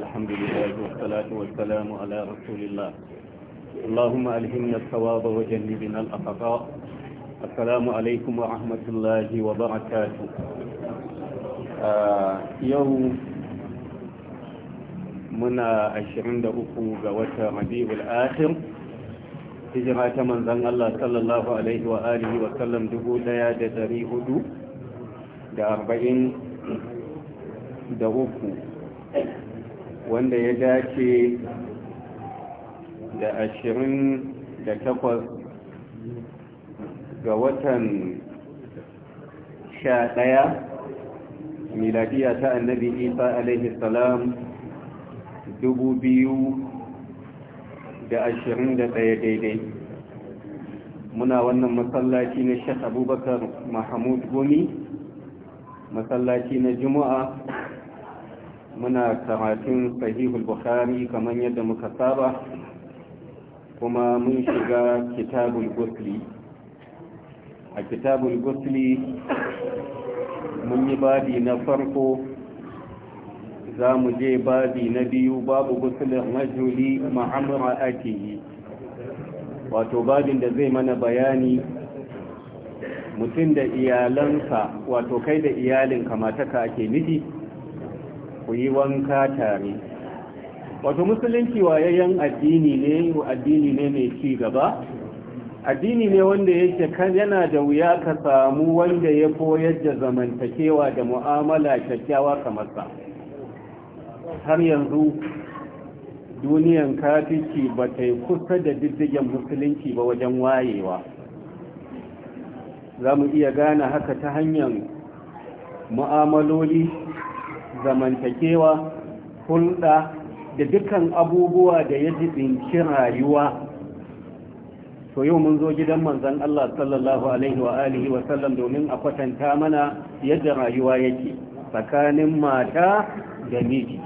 الحمد لله والصلاة والسلام على رسول الله اللهم ألهمنا الثواب وجنبنا الأخطاء السلام عليكم ورحمة الله وبركاته آه يوم منا عشرين دقوة جوات ربيع الآخر hijira ta manzan Allah sallallahu Alaihi wa alihi wa sallam dubu daya da dari hudu da arba'in da uku wanda ya dace da ashirin da takwas ga watan sha ɗaya miladiya ta annabi isa alaihi salam dubu biyu da ashirin da ɗaya daidai muna wannan masallaci na shek abubakar mahamud gumi masallaci na juma'a muna karatun sahihul bukhari kamar yadda muka saba kuma mun shiga kitabul gusli a kitabul gusli mun yi babi na farko za mu je babi na biyu babu na rajuli ma'amura ake yi wato babin da zai mana bayani mutum da iyalansa wato kai da iyalinka mataka ake nufi ku yi wanka tare wato musulunci wayayyen addini ne addini ne mai ci gaba addini ne wanda yake yana da wuya ka samu wanda ya koyar da zamantakewa da mu'amala kyakkyawa kamar sa har yanzu duniyan kafici ba ta yi kusa da diddigen musulunci ba wajen wayewa za mu iya gane haka ta hanyar mu'amaloli zamantakewa hulɗa da dukkan abubuwa da ya jibinci rayuwa to yau mun zo gidan manzan Allah sallallahu alaihi wa’alihi wa sallam domin a kwatanta mana yadda rayuwa yake tsakanin mata da miji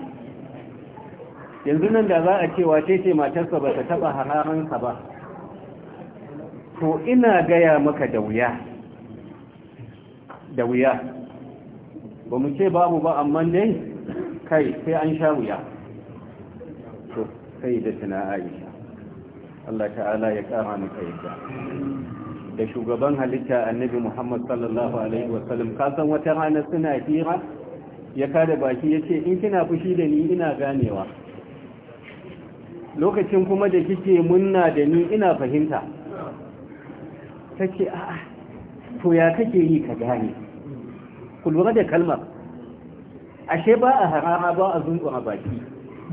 yanzu nan da za a ce wace ce matarsa ba ta taba hararansa ba to ina gaya maka da wuya da wuya ba mu ce babu ba amma dai kai sai an sha wuya to sai da tana aisha Allah ta'ala ya kara maka yadda da shugaban halitta annabi Muhammad sallallahu alaihi wasallam kasan wata rana suna hira ya kada baki yace in kina fushi da ni ina ganewa lokacin kuma da kike munna da ni ina fahimta take a'a to ya kake yi ka gane ku da kalmar ashe ba a harara ba a a baki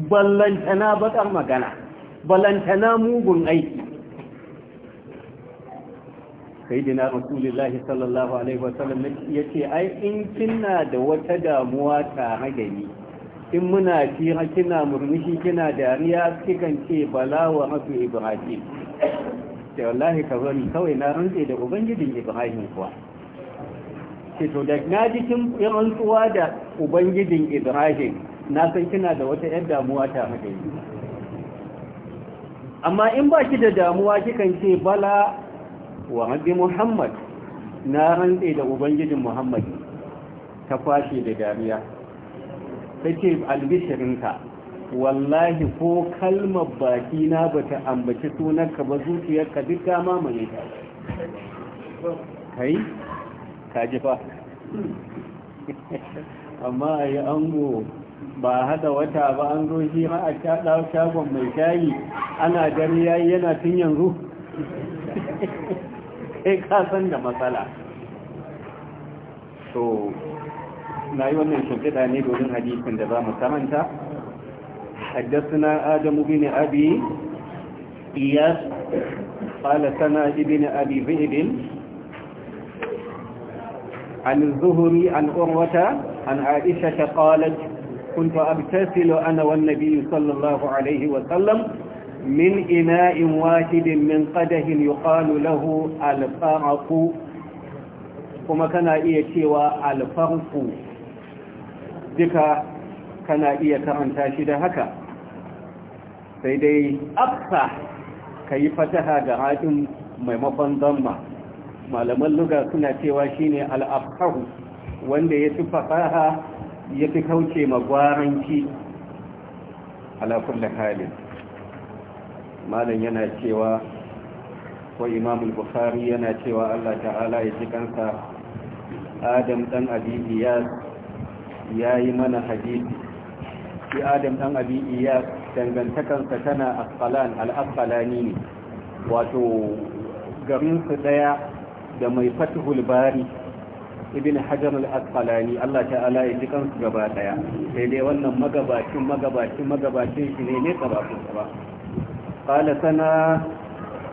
ballantana bakar magana ballantana mugun aiki sayidina rasulullahi sallallahu alaihi wasallam ya ce ai in kina da wata damuwa tare da ni in muna fira kina murmushi kina dariya kikan ce bala wa mafi ibrahim sai wallahi ka ni kawai na rantse da ubangijin ibrahim kuwa ce to da na ji kin rantsuwa da ubangijin ibrahim na san kina da wata yan damuwa ta haka yi amma in ba ki da damuwa kikan ce bala wa rabbi muhammad na rantse da ubangijin muhammad ta kwashe da dariya ta ce albishirinka wallahi ko kalmar baki na ta ambaci sunanka ba zuciyarka duk dama mai ta kai kaji fa amma a yi ango ba hada wata ba an zo shi ma a shaɗa shagon mai shayi ana gari yayi yana tun yanzu sai kasan da matsala to na yi wannan shimfiɗa ne domin hadisin da za mu samanta حدثنا آدم بن أبي إياس قال سنا ابن أبي ذئب عن الزهري عن أروة عن عائشة قالت كنت أبتسل أنا والنبي صلى الله عليه وسلم من إناء واحد من قده يقال له الفرق كما كان إيشيوى الفرق ذكا كان إيكا أن تاشد هكا سيدي أقصى كيف تهاجعات ميمفن ضمه malaman luga suna cewa shine al-afqahu wanda ya fi fasaha ya fi kauce magwaranci ala kulli halin malam yana cewa ko imam al-bukhari yana cewa Allah ta'ala ya ji kansa adam dan abi ya yi mana hadisi shi adam dan abi iyas dangantakansa tana asqalan al ne wato garinsu su daya da mai fatihul bari ibn hajar al-asqalani Allah ta'ala ya ji kansu gaba daya sai dai wannan magabacin magabacin magabacin shi ne ne tsabafin ba qala sana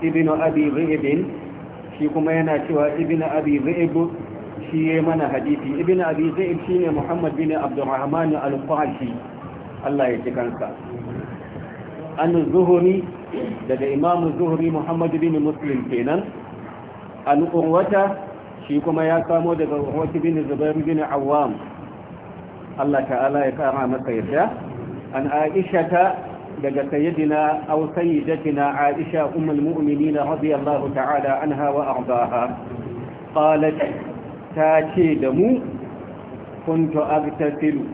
ibn abi zaid shi kuma yana cewa ibn abi zaid shi ya mana hadisi ibn abi shi ne muhammad bin abdurrahman al-qashi Allah ya ji kansa an zuhuri daga Imam zuhuri muhammad bin muslim kenan an urwata shi kuma ya samo daga urwata bin zubar bin awam Allah ta'ala ya kara masa yadda an aisha ta daga sayyidina aw sayyidatina aisha ummul mu'minin radiyallahu ta'ala anha hawa arzaha qalat ta ce da mu kuntu agtasilu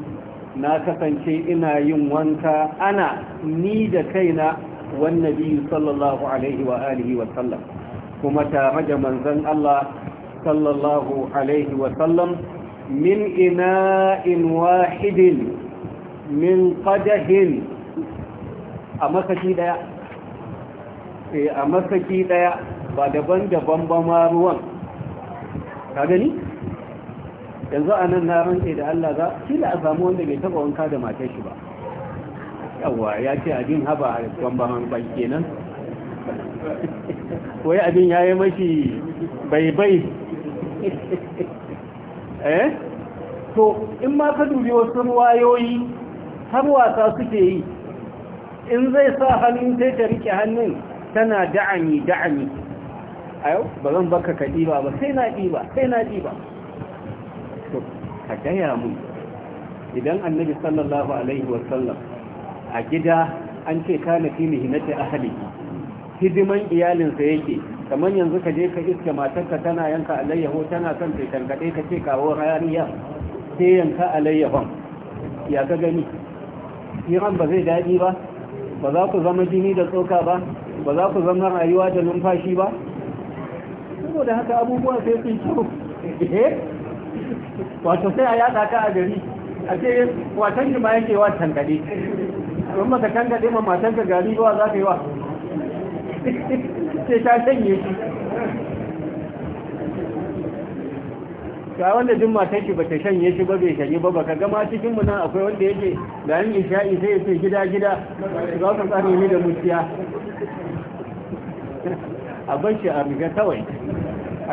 na kasance ina yin wanka ana ni da kaina wannan biyu sallallahu alaihi wa alihi wa sallam kuma tare da manzon Allah sallallahu alaihi wasallam min ina'in wahidin min qadahin a masaki daya eh a masaki daya ba daban-daban ba ma ruwan ka gani yanzu a nan na rantse da Allah za shi da a samu wanda bai taba wanka da matar shi ba yawa ya ce abin haba a gwambaman bai nan. wai abin ya yi mashi baibai eh to in ma ka dubi wasu wayoyi har wasa suke yi in zai sa hannun sai ta rike hannun tana da'ani da'ani ayo ba zan baka ka ɗiba ba sai na ɗiba sai na ɗiba to ka gaya mu idan annabi sallallahu alaihi wasallam a gida an ce kana fi muhimmanci ahlihi hidiman iyalinsa yake kamar yanzu ka je ka iske matarka tana yanka alayyaho tana son ta tankaɗe ka ce kawo rariya sai yanka alayyahon ya ka gani iran ba zai daɗi ba ba za ku zama jini da tsoka ba ba za ku zama rayuwa da numfashi ba saboda haka abubuwa sai sun kyau eh? wato sai a yada ka a gari a ce watan shi ma yake wa tankaɗe in ka tankaɗe ma matanka gari ba za ka yi wa sai ta shanye shi wanda jin matan shi bata shanye shi ba bai shanye ba baka gama cikin mu akwai wanda yake ga yin isha'i sai ya ce gida gida za ka tsari ni da mutiya a ban shi a riga kawai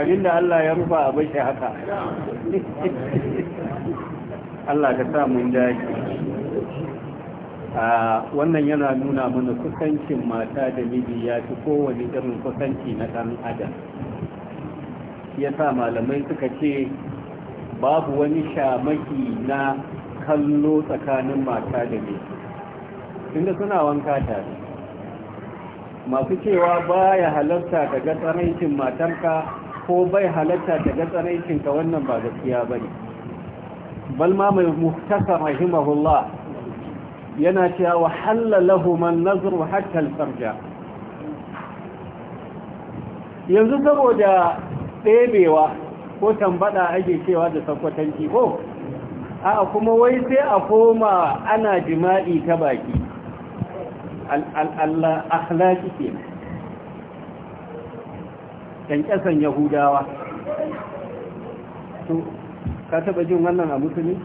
abinda Allah ya rufa a ban shi haka Allah ka sa mun wannan yana nuna mana kusancin mata da miji ya fi kowane irin kusanci na ɗan adam ya sa malamai suka ce babu wani shamaki na kallo tsakanin mata da miji inda suna wanka tare masu cewa ba ya halarta daga tsanaicin matarka ko bai halarta daga tsaraicinka wannan ba gaskiya ba ne balma mai muhtasar rahimahullah yana cewa wa halalahu man nazru hatta al-farja yanzu saboda ɗebewa ko tambada ake cewa da sakwatanci ko a kuma wai sai a koma ana jima'i ta baki Allah akhlaki ke kankasan yahudawa to ka taba jin wannan a musulmi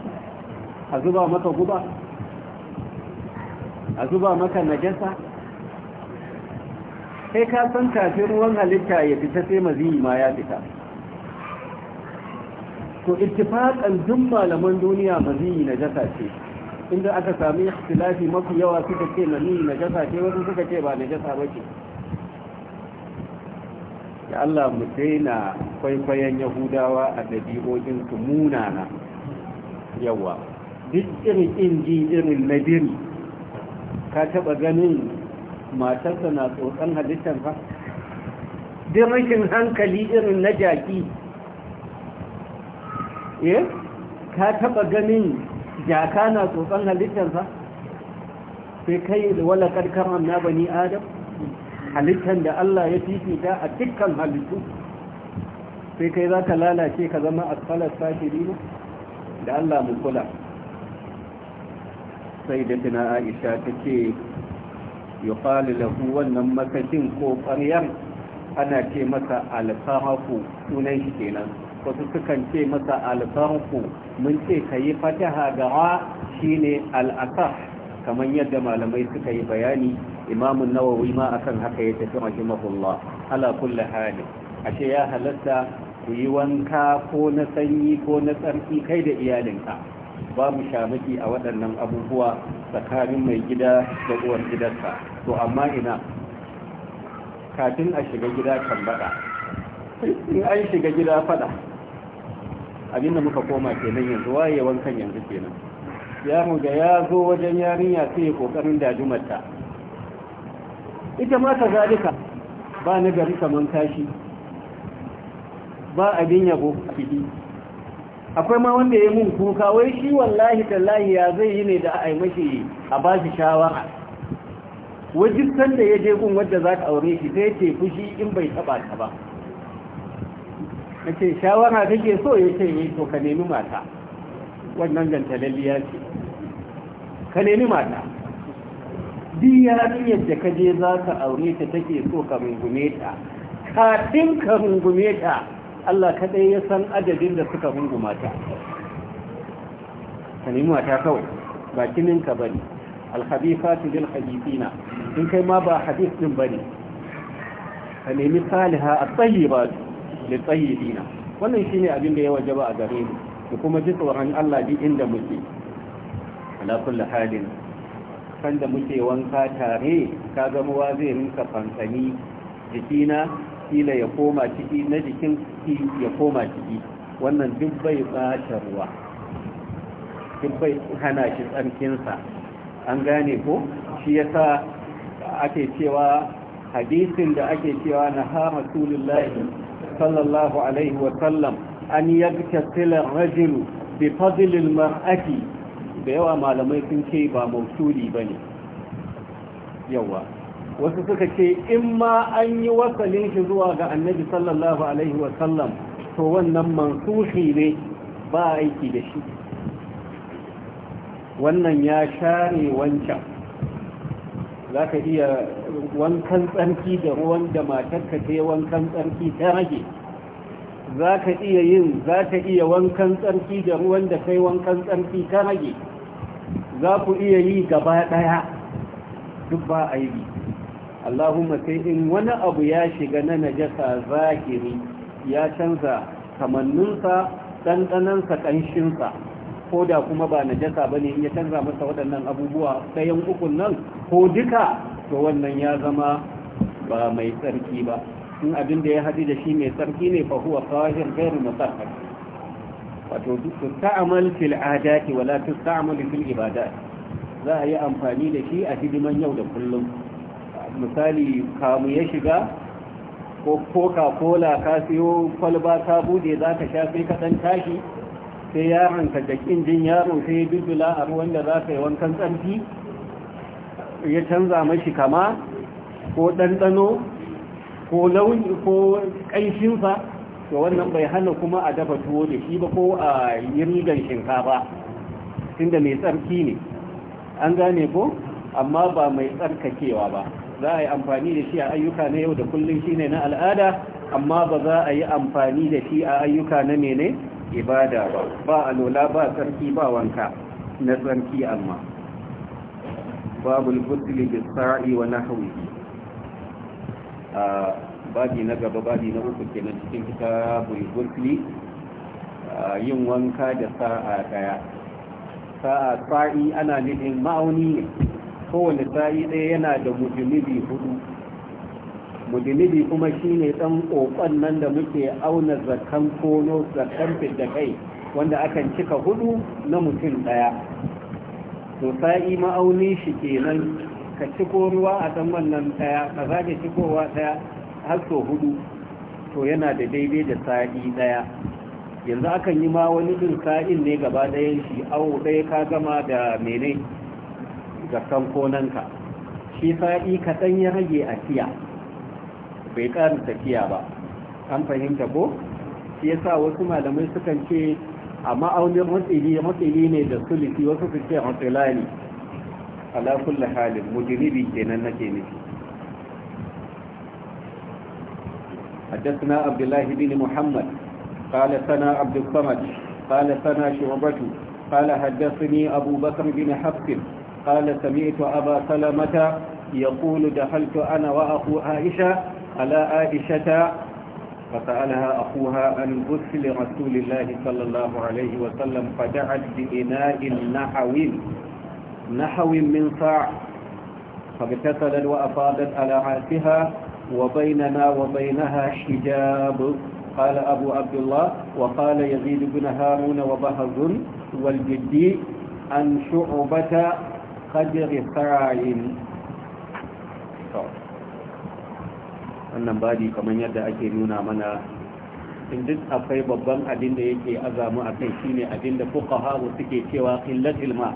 a zuba maka guba a zuba maka najasa sai ka san kafin ruwan halitta ya fita sai maziyi ma ya fita to ittifaqan duk malaman duniya maziyi najasa ce inda aka sami ikhtilafi mafi yawa suka ce maziyi najasa ce wasu suka ce ba najasa bace ya Allah mu daina kwaikwayon yahudawa a ɗabi'o'insu munana yawa duk irin inji irin nabiri ka taba ganin matarsa na tsotsan halittar ba din rashin hankali irin na jaki eh ka taba ganin jaka na halittar halittarsa sai kai wala karkaran na bani adam halittar da Allah ya fifita a dukkan halittu sai kai za ka lalace ka zama asfalar sashiri da Allah mu kula sai da aisha ta ce yi lahu wannan makakin ko ƙaryar ana ce masa alfahaku sunan shi kenan wasu sukan ce masa alfahaku mun ce ka yi fataha gawa ne al'asar kamar yadda malamai suka yi bayani imamun nawawi ma akan haka ya tafi rahimahullah ala kulli hali ashe ya halatta ku yi wanka ko na sanyi ko na tsarki kai da iyalinka Ba babu shamaki a waɗannan abubuwa tsakanin mai gida da uwar gidansa to amma ina kafin a shiga gida kan bada in an shiga gida fada abin da muka koma kenan yanzu waye wankan yanzu kenan yaro da ya zo wajen yarinya sai ya kokarin dajumarta ita ma ta zalika ba na gari kaman kashi ba abin yabo a fiti. akwai ma wanda ya mun kuka wai shi wallahi tallahi ya zai yi ne da a mashi a ba shi shawara Wajen sanda ya je kun wadda za ka aure shi zai ce fushi in bai taba ta ba na ce shawara kake so ya ce yi eh, to ka nemi mata wannan gantalalliya ce ka nemi mata duk yarinyar yadda ka je za ka aure ta take so ka rungume ta kafin ka rungume ta Allah kaɗai ya san adadin da suka runguma ta ka nemi mata kawai ba kininka ba ne alhabifatu bil habifina in kai ma ba habif din ba ne ka nemi saliha a tsayi ba da tsayi dina wannan shi ne abin da ya ba a gare mu da kuma ji tsoron Allah duk inda muke ala kulli halin muke wanka tare ka gamuwa zai rinka fankani jikina kila ya koma ciki na jikin ki ya koma ciki wannan duk bai bata ruwa duk bai hana shi tsarkinsa an gane ko shi yasa ake cewa hadisin da ake cewa na ha rasulullahi sallallahu alaihi wa sallam an yagtasila rajulu bi fadlil mar'ati da yawa malamai sun ce ba mausuli bane yawa wasu suka ce in ma an yi wasalin shi zuwa ga annabi sallallahu alaihi wasallam to wannan mansuhi ne ba aiki da shi wannan ya share wancan za ka iya wankan tsarki da ruwan da matarka ta yi wankan tsarki ta rage za ka iya yin za ka iya wankan tsarki da ruwan da kai wankan tsarki ta rage za ku iya yi gaba ɗaya duk ba a aibi Allahumma sai in wani abu ya shiga na najasa zahiri ya canza kamanninsa ɗanɗanansa ƙanshinsa ko da kuma ba najasa ba ne ya canza masa waɗannan abubuwa ɗayan ukun nan ko duka to wannan ya zama ba mai tsarki ba in abin da ya haɗu da shi mai tsarki ne fa huwa sahir gairu musahhar wato tusta'mal fil adati wala tusta'mal fil ibadat za a yi amfani da shi a hidiman yau da kullum misali kamu ya shiga ko coca-cola ka siyo kwalba ka bude za ka sha sai kaɗan tashi sai yaron ka da jin yaro sai ya dudula a ruwan da za ka yi wankan tsanti ya canza mashi kama ko ɗanɗano ko launi ko ƙanshinsa to wannan bai hana kuma a dafa tuwo da shi ba ko a yi rigan shinkafa tunda mai tsarki ne an gane ko amma ba mai tsarkakewa ba za a yi amfani da shi a ayyuka na yau da kullum shi ne na al'ada amma ba za a yi amfani da shi a ayyuka na mene ibada ba ba alola ba tsarki, ba wanka na tsarki amma babul gudli da sa'i wa nahwi a babi na gaba babi na uku ke kenan cikin kitabul gudli yin wanka da sa'a daya sa'a sa'i ana nufin ma'auni ne kowane sa'i ɗaya yana da mujimibi hudu mujimibi kuma shine ɗan ƙoƙon nan da muke auna zakan kono zakan fidda kai wanda akan cika hudu na mutum ɗaya to sa'i ma'auni shi kenan ka ciko ruwa a ɗan wannan ɗaya ka zage cikowa ɗaya har so hudu to yana da daidai da sa'i ɗaya yanzu akan yi ma wani ɗin sa'in ne gaba ɗayan shi awo ɗaya ka gama da mene ga kamfonanka shi fa'i kaɗan ya rage a tiya bai ƙarin tafiya ba an fahimta ko shi yasa wasu malamai suka ce a ma'aunin matsili matsili ne da sulisi wasu su ce matsila ne ala kulli halin mujribi kenan nake nufi حدثنا عبد الله بن محمد قال ثنا عبد الصمد قال ثنا شعبة قال حدثني أبو بكر بن حفص قال سمعت أبا سلمة يقول دخلت أنا وأخو عائشة على عائشة فسألها أخوها عن غسل رسول الله صلى الله عليه وسلم فدعت بإناء نحو نحو من صاع فاغتسلت وأفاضت على عاتها وبيننا وبينها حجاب قال أبو عبد الله وقال يزيد بن هارون وبهز والجدي أن شعبة kajiri sa'in to wannan babi kamar yadda ake nuna mana in duk akwai babban abin da yake azamu a kai shine abin da fuqaha suke cewa illatil ma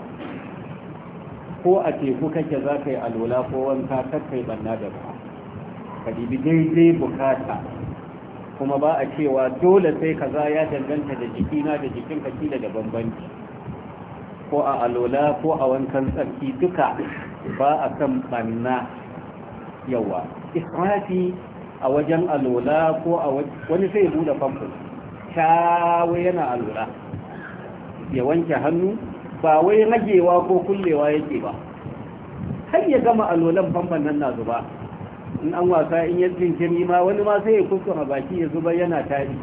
ko a teku kake za ka yi alola ko wanka kakkai banna da ba ka dibi daidai bukata kuma ba a cewa dole sai kaza ya danganta da jikina da jikinka kila da bambanci ko a alola ko a wankan tsarki duka ba a kan banna yawa israfi a wajen alola ko a wani sai bude famfo shawo yana alola ya wanke hannu ba wai ragewa ko kullewa yake ba har ya gama alolan famfon nan na zuba in an wasa in ya jinkiri ma wani ma sai ya kuskura baki ya zuba yana tari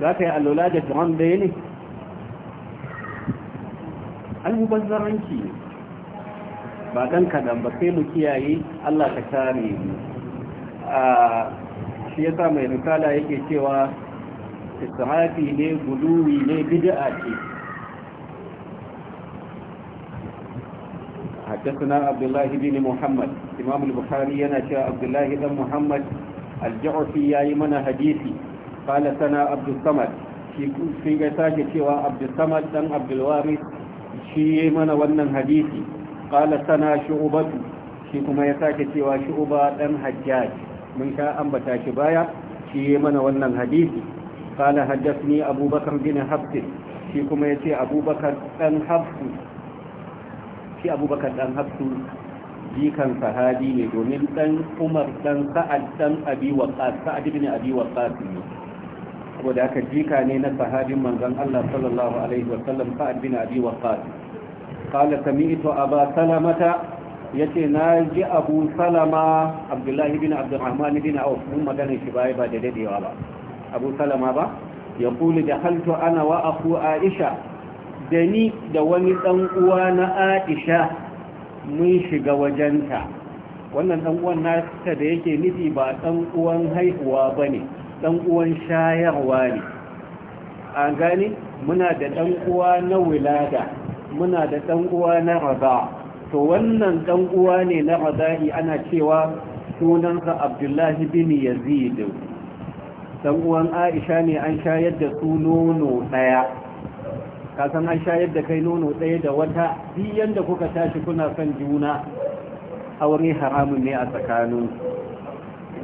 za ka yi alola da tuhan da ne almubazzaranci ba dan kaɗan ba sai mu kiyaye Allah ka tare mu a shi yasa mai risala yake cewa istihafi ne guduwi ne bid'a ce حدثنا عبد الله بن محمد امام البخاري انا شاء عبد الله بن محمد الجعفي يا من حديثي قال سنا عبد الصمد في كل ساجه cewa عبد الصمد دان عبد الوارث shi mana wannan hadisi qala sana shu'batu shi kuma ya sake cewa shu'ba dan hajjaj mun sha ambata shi baya shi mana wannan hadisi qala haddathni abubakar bin habs shi kuma ya ce abubakar dan habs shi abubakar dan habs jikan sahabi ne domin dan umar dan sa'ad dan abi waqas sa'ad bin abi waqas ne saboda aka jika ne na sahabin manzon Allah sallallahu alaihi wa sallam Sa'ad bin Abi Waqqas qala sami'tu Aba Salamata yace na ji Abu Salama Abdullahi bin Abdurrahman bin Auf mun magana shi bai ba da dadewa ba Abu Salama ba ya kuli yaqulu dahaltu ana wa aku Aisha da ni da wani dan uwa na Aisha mun shiga wajenta wannan dan uwan nasa da yake nufi ba dan uwan haihuwa ne. ɗan uwan shayarwa ne an gani muna da ɗan uwa na wilada muna da ɗan uwa na raba to wannan ɗan uwa ne na raza'i ana cewa sunansa abdullahi bin yazid ɗan uwan aisha ne an shayar da su nono ɗaya san an shayar da kai nono ɗaya da wata biyan da kuka tashi kuna son juna aure haramun ne a tsakaninku.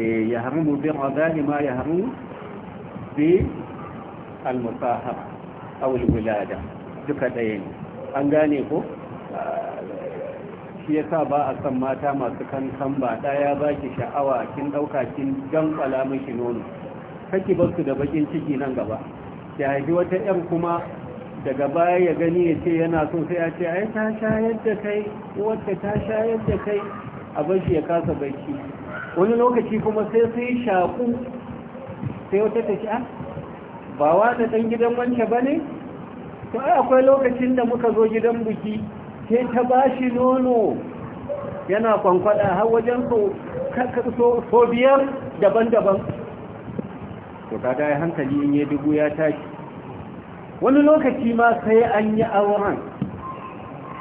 ya haramu bin razali ma ya haramu bi almusahar awul wulada duka ɗaya ne an gane ko shi ba a san mata masu kankan ba ɗaya ba ki sha'awa kin ɗauka kin dankwala mishi nono kake ba su da bakin ciki nan gaba ya haifi wata 'yan kuma daga baya ya gani ya ce yana so sai ya ce ai ta shayar da kai wacce ta shayar da kai a bashi ya kasa bacci wani lokaci kuma sai sai shaku sai wata ta sha ah, ba ta ɗan gidan wanke ba ne to ai akwai lokacin da muka zo gidan buki sai ta ba shi nono yana kwankwada har wajen so biyar daban-daban to kaga ya hankali in yi dubu ya tashi wani lokaci ma sai an yi auren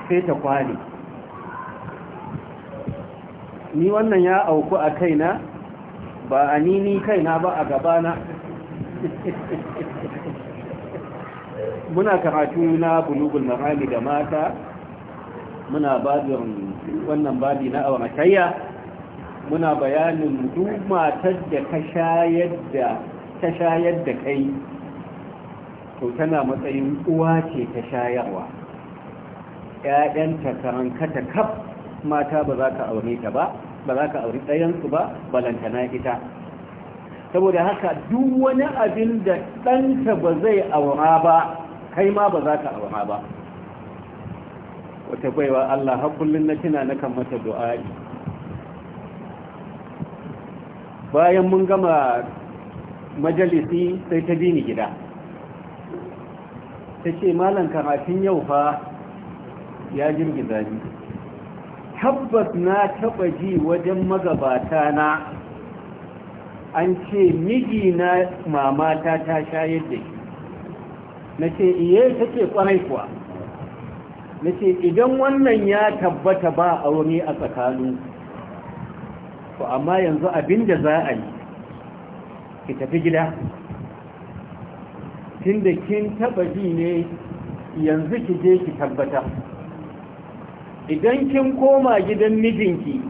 sai ta kwale ni wannan ya auku a kaina ba a nini kaina ba a gabana muna karatu na bulugul mahali da mata muna babin wannan babi na awamashayya muna bayanin duk matar da ta shayar da kai to tana matsayin uwa ce ta shayarwa ‘ya'yanta karankata kaf mata ba za ka aure ta ba ba za ka aure ɗayansu ba balantana ita saboda haka duk wani abin da ɗanta ba zai aura ba kai ma ba za ka aura ba wata baiwa Allah har kullum na tuna na kan mata du'a'i bayan mun gama majalisi sai ta bini gida ta ce malan karatun yau fa ya girgiza ni tabbas na taɓa ji wajen magabata na an ce miji na mamata ta shayar da shi na ce iye ta ce kwarai kuwa na ce idan wannan ya tabbata ba a wani a tsakanu to amma yanzu abin da za a yi ki tafi gida tun da kin taɓa ji ne yanzu ki je ki tabbata idan kin koma gidan mijinki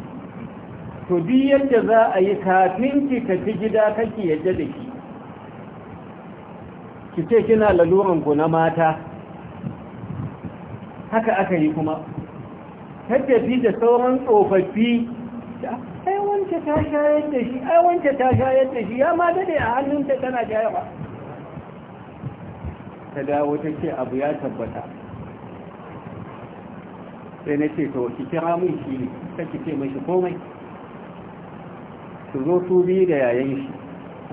to bi yadda za a yi kafin ki tafi gida kake yadda da ki ki ce kina laluran na mata haka aka yi kuma tattafi da sauran tsofaffi ai wance ta shayar da shi ai ta shayar da shi ya ma dade a hannunta tana jayawa ta dawo ta ce abu ya tabbata sai na ce to ki kira mun shi ne ta ki ce shi komai su zo su bi da yayan shi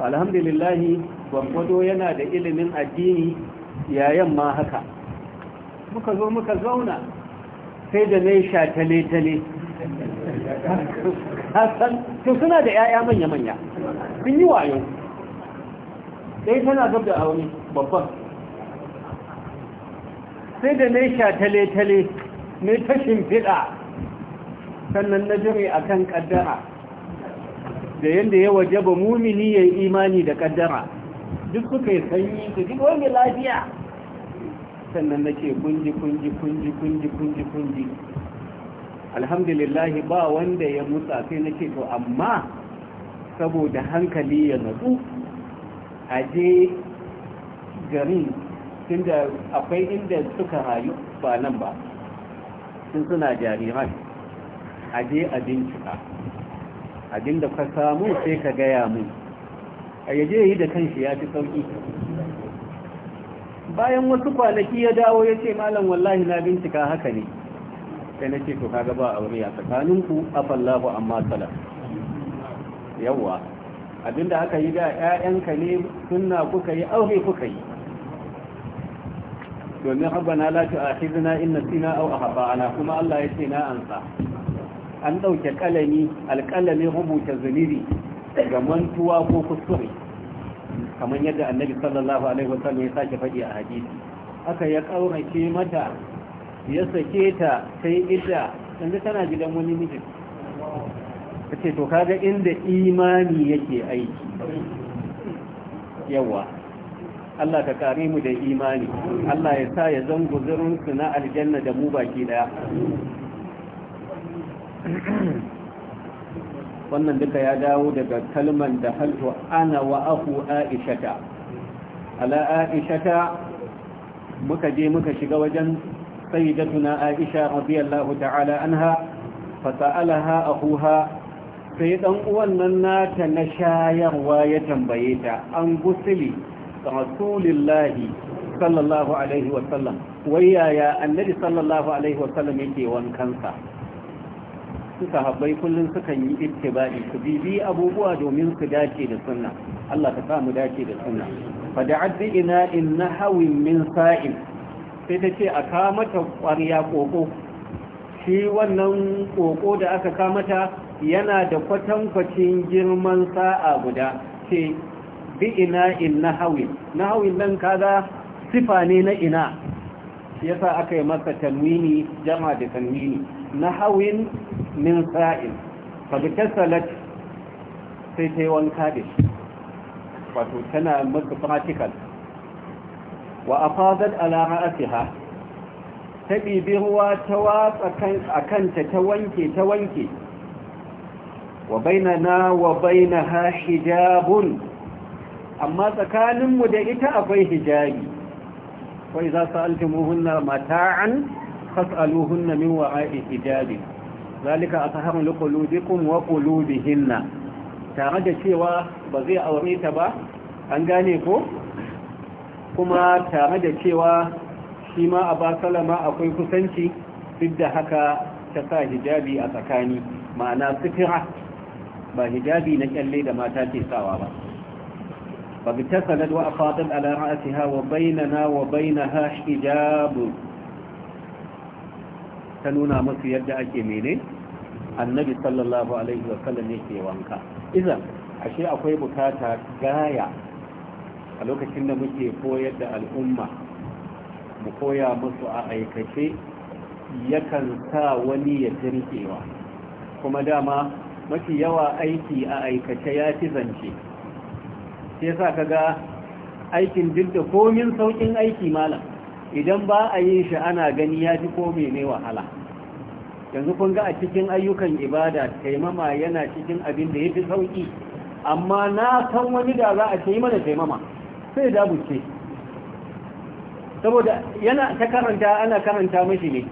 alhamdulillahi gwangwado yana da ilimin addini yayan ma haka muka zo muka zauna sai da na sha tale-tale to suna da 'ya'ya manya-manya sun yi wayo ɗai tana gab da aure babban sai da na sha tale-tale ne ta shimfiɗa sannan na jire a kan ƙaddara da yadda ya waje ba mumini ya imani da ƙaddara duk suka yi sanyi su duk wani lafiya sannan na ce kunji kunji kunji kunji kunji kunji alhamdulillahi ba wanda ya mutsa sai na ce to amma saboda hankali ya natsu a je garin tun da akwai inda suka rayu ba nan ba sun suna jariran aje a bincika abinda ka samu sai ka gaya mun a yaje yi da kanshi ya fi sauki bayan wasu kwanaki ya dawo ya ce malam wallahi na bincika haka ne sai na ce to kaga ba aure a tsakaninku afallahu amma sala yawwa abinda aka yi da ƴaƴanka ne sunna kuka yi aure kuka yi domin rabbana la ina in nasina aw haɓa'ana kuma Allah ya ce na ansa an ɗauke kalami alƙalami rubuta zunubi ga mantuwa ko kuskure kamar yadda annabi sallallahu alaihi wasallam ya sake faɗi a hadisi aka ya kaurace mata ya sake ta sai ita yanzu tana gidan wani mijin kace to kaga inda imani yake aiki yawa Allah ka kare mu da imani Allah ya sa ya zan guzurin na aljanna da mu baki daya wannan duka ya dawo daga kalman da halto ana wa aku aishata ala aishata muka je muka shiga wajen sayyidatuna aisha radiyallahu ta'ala anha fasa'alaha akuha sai dan uwan nan nata na shayarwa ya tambaye ta an gusuli rasulillahi sallallahu alaihi wasallam wai yaya annabi sallallahu alaihi wasallam yake wankansa suka habbai kullum sukan yi ittiba'i su bibi abubuwa domin su dace da sunna Allah ta samu dace da sunna fa da bi ina in nahawin min sa'in sai ta ce a kamata ƙwarya koko shi wannan koko da aka kamata yana da kwatankwacin girman sa'a guda ce bi ina in nahawin nahawin nan kaga sifa ne na ina yasa aka yi masa tanwini jama da tanwini nahawin min sa'il fa bi sai ta yi wanka da shi wato tana masu practical wa afadat ala ra'atiha ta ɗibi ruwa ta watsa a kanta ta wanke ta wanke wa bainana wa bainaha hijabun amma tsakaninmu da ita akwai hijabi wai za su altumuhunna mata'an fas'aluhunna min wa'a'i hijabi zalika a saharin lukulubikum wa kulubihinna tare da cewa ba zai aure ta ba an gane ko kuma tare da cewa shi ma a ba salama akwai kusanci duk da haka ta sa hijabi a tsakani ma'ana sutura ba hijabi na kyalle da mata ke sawa ba فابتسلت وأفاضت على رأسها وبيننا وبينها حجاب تنونا مصر يبدأ كميني annabi sallallahu alaihi wasallam ne ke wanka izan ashe akwai bukata gaya a lokacin da muke koyar da al'umma mu koya musu a aikace yakan sa wani ya jirgewa kuma dama mafi yawa aiki a aikace ya fi zance sai sa ka ga aikin duk da komin saukin aiki malam idan ba a yin shi ana gani ya ji kome ne wahala yanzu kun ga a cikin ayyukan ibada taimama yana cikin abin da ya fi sauki amma na san wani da za a taimama mana taimama sai da buce saboda yana ta karanta ana karanta mashi ne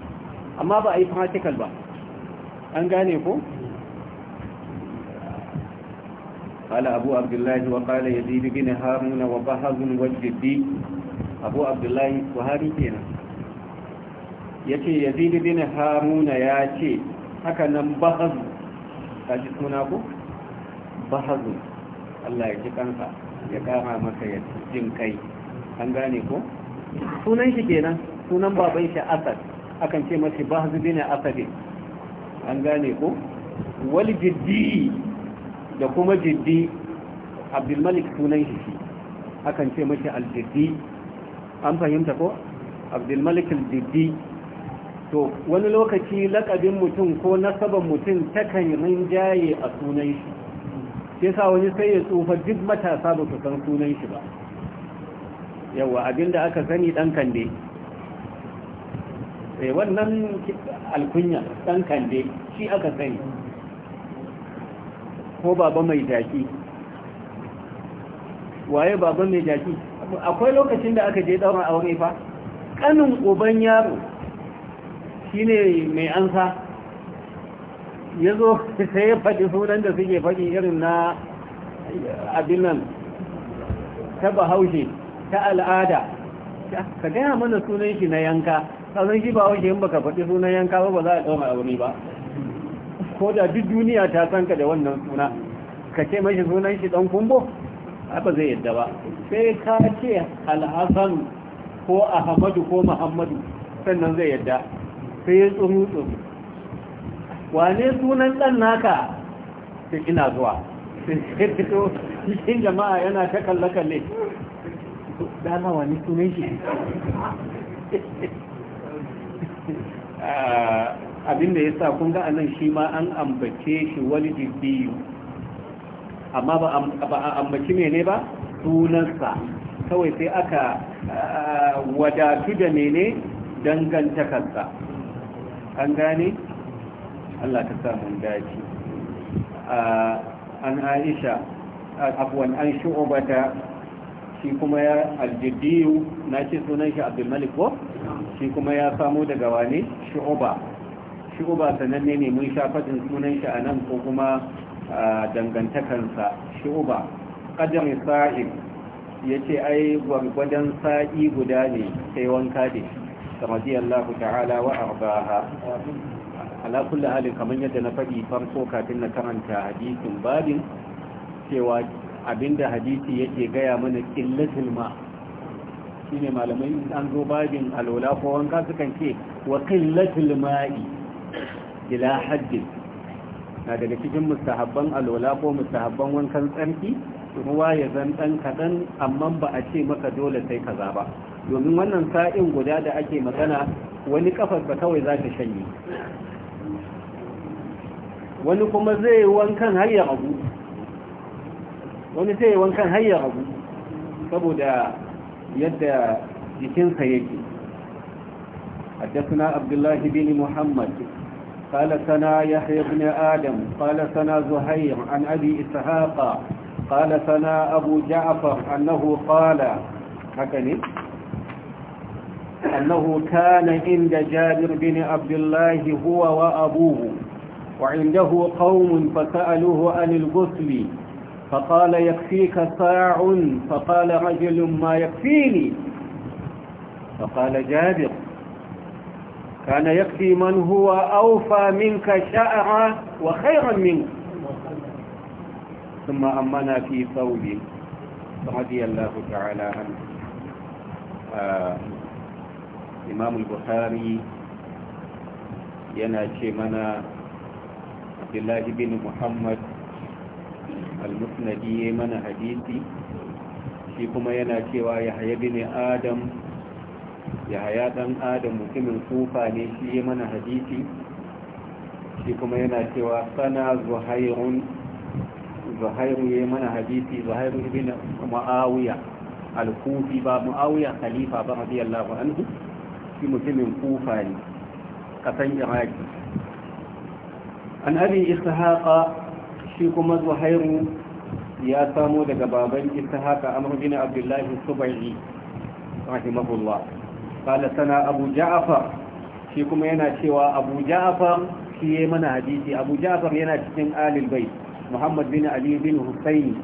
amma ba a yi practical ba an gane ko قال أبو عبد الله وقال يزيد بن هارون وبهز وجدي أبو عبد الله وهاري كينا يتي يزيد بن هارون ياتي هكذا بهز تجد منابو بهز الله يجيك أنت يقام مكة يتجن كي أنغانيكو sunan shi kenan sunan baban shi asad akan ce mashi bahzu bin asad an gane ko wal jiddi da kuma jiddi abdulmalik sunan shi akan ce mashi aljiddi an fahimta ko abdulmalik aljiddi to wani lokaci lakabin mutum ko nasaban mutum ta takan rinjaye a sunan shi sai sa wani sai ya tsufa duk matasa ba su san sunan shi ba yawa abinda aka sani dan kande sai eh, wannan alkunya dan kande shi aka sani ko baba mai jaki waye baba mai jaki akwai lokacin da aka je daura aure fa kanin uban yaro shine mai ansa yazo zo sai ya faɗi sunan da suke faɗi irin na abin nan ta bahaushe ta al'ada ka gaya mana sunan shi na yanka kasan shi bahaushe in baka faɗi sunan yanka ba ba za a ɗaura aure ba ko da duk duniya ta san ka da wannan suna ka ce mashi sunan shi dan kumbo haka zai yadda ba sai ka ce alhassan ko ahmadu ko muhammadu sannan zai yadda sai ya tsuru tsuru wane sunan dan naka sai ina zuwa sai fito cikin jama'a yana ta kalle kalle dana wani sunan shi ah. abinda ya sa kun ga anan shi ma an ambace shi wani jibbiyu amma ba a ambaci mene ba sunansa kawai sai aka ah, wadatu da mene dangantakarsa an gane allah ta samun daji ah, an aisha afuwan an shi'ubata shi kuma ya aljibiyu na ce sunan shi Malik ko shi kuma ya samu daga wane shi'uba shi uba sananne ne mun sha faɗin sunan shi a nan ko kuma dangantakansa shi uba ƙadar sa'id ya ce ai gwargwadon sa'i guda ne sai wanka ne radiyallahu ta'ala wa arbaha ala kulli halin kamar yadda na faɗi farko kafin na karanta hadisin babin cewa abinda hadisi yake gaya mana illatul ma shine malamai an zo babin alola ko wanka sukan ce wa qillatul ma'i ila haddin na daga cikin mustahabban alwala ko mustahabban wankan tsarki ruwa ya zan ɗan kaɗan amma ba a ce maka dole sai ka ba domin wannan sa'in guda da ake magana wani kafarsa kawai za ta shanye wani kuma zai wankan har ya wani zai yi wankan har ya saboda yadda jikinsa yake حدثنا عبد Abdullahi بن Muhammad. قال ثنا يحيى بن آدم قال ثنا زهير عن أبي إسحاق قال ثنا أبو جعفر أنه قال حكني أنه كان عند جابر بن عبد الله هو وأبوه وعنده قوم فسألوه عن الغسل فقال يكفيك ساع فقال رجل ما يكفيني فقال جابر kana yakfi man huwa awfa minka sha'ra wa khayran minka ثم أمنا في ثوب رضي الله تعالى عنه آه إمام البخاري يناشي منا عبد الله بن محمد المسندي من حديثي shi kuma yana cewa ya haye bin adam ya haya ɗan adam mutumin kufa ne shi yi mana hadisi shi kuma yana cewa sana zuhairun zuhairu ya mana hadisi zuhairu ibn mu'awiya al-kufi ba mu'awiya khalifa ba radiyallahu anhu shi mutumin kufa ne kasan iraki an abi ishaqa shi kuma zuhairu ya samo daga baban ishaqa amr bin abdullahi subayi rahimahullah kala abu ja'afar shi kuma yana cewa abu ja'afar shi ya mana hadisi abu ja'afar yana cikin alilbai muhammad bin ali bin husaini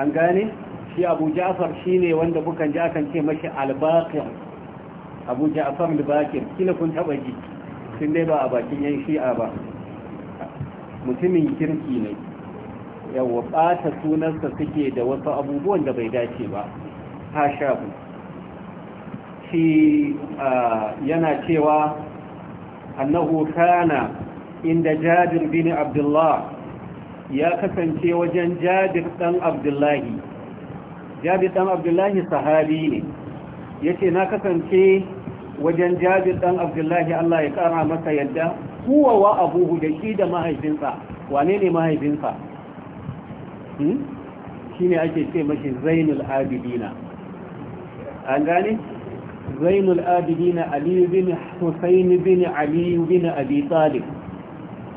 an gane shi abu ja'afar shi ne wanda bukan ji akan ce mashi albakir abu ja'afar albakir kila kun taba ji sun dai ba a bakin yan shi'a ba mutumin kirki ne yawa ɓata sunarsa suke da wasu abubuwan da bai dace ba ha sha hadisi yana cewa annahu kana inda jabir bin abdullah ya kasance wajen jabir dan abdullahi jabir dan abdullahi sahabi ne yace na kasance wajen jabir dan abdullahi Allah ya kara masa yadda huwa wa abuhu da shi da mahaifinsa wane ne mahaifinsa hmm? shine ake ce mashi zainul abidina an gane زين الآبدين علي بن حسين بن علي بن أبي طالب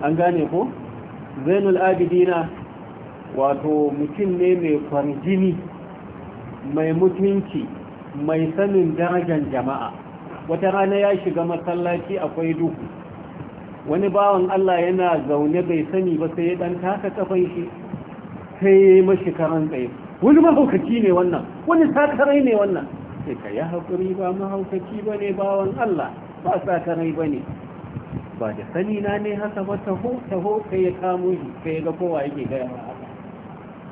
أنقانيكو زين الآبدين wato mutum ne mai kwarjini mai mutunci mai sanin darajar jama'a wata rana ya shiga masallaci akwai duhu wani bawan Allah yana zaune bai sani ba sai ya dan taka kafan shi sai ya yi mashi karan tsaye wani mahaukaci ne wannan wani sakarai ne wannan sai ka yi haƙuri ba mahaukaci ba ne bawan Allah ba sa ka rai ba ne ba da sani na ne haka ba taho taho ka yi kamo shi ka yi ga kowa yake gaya ba haka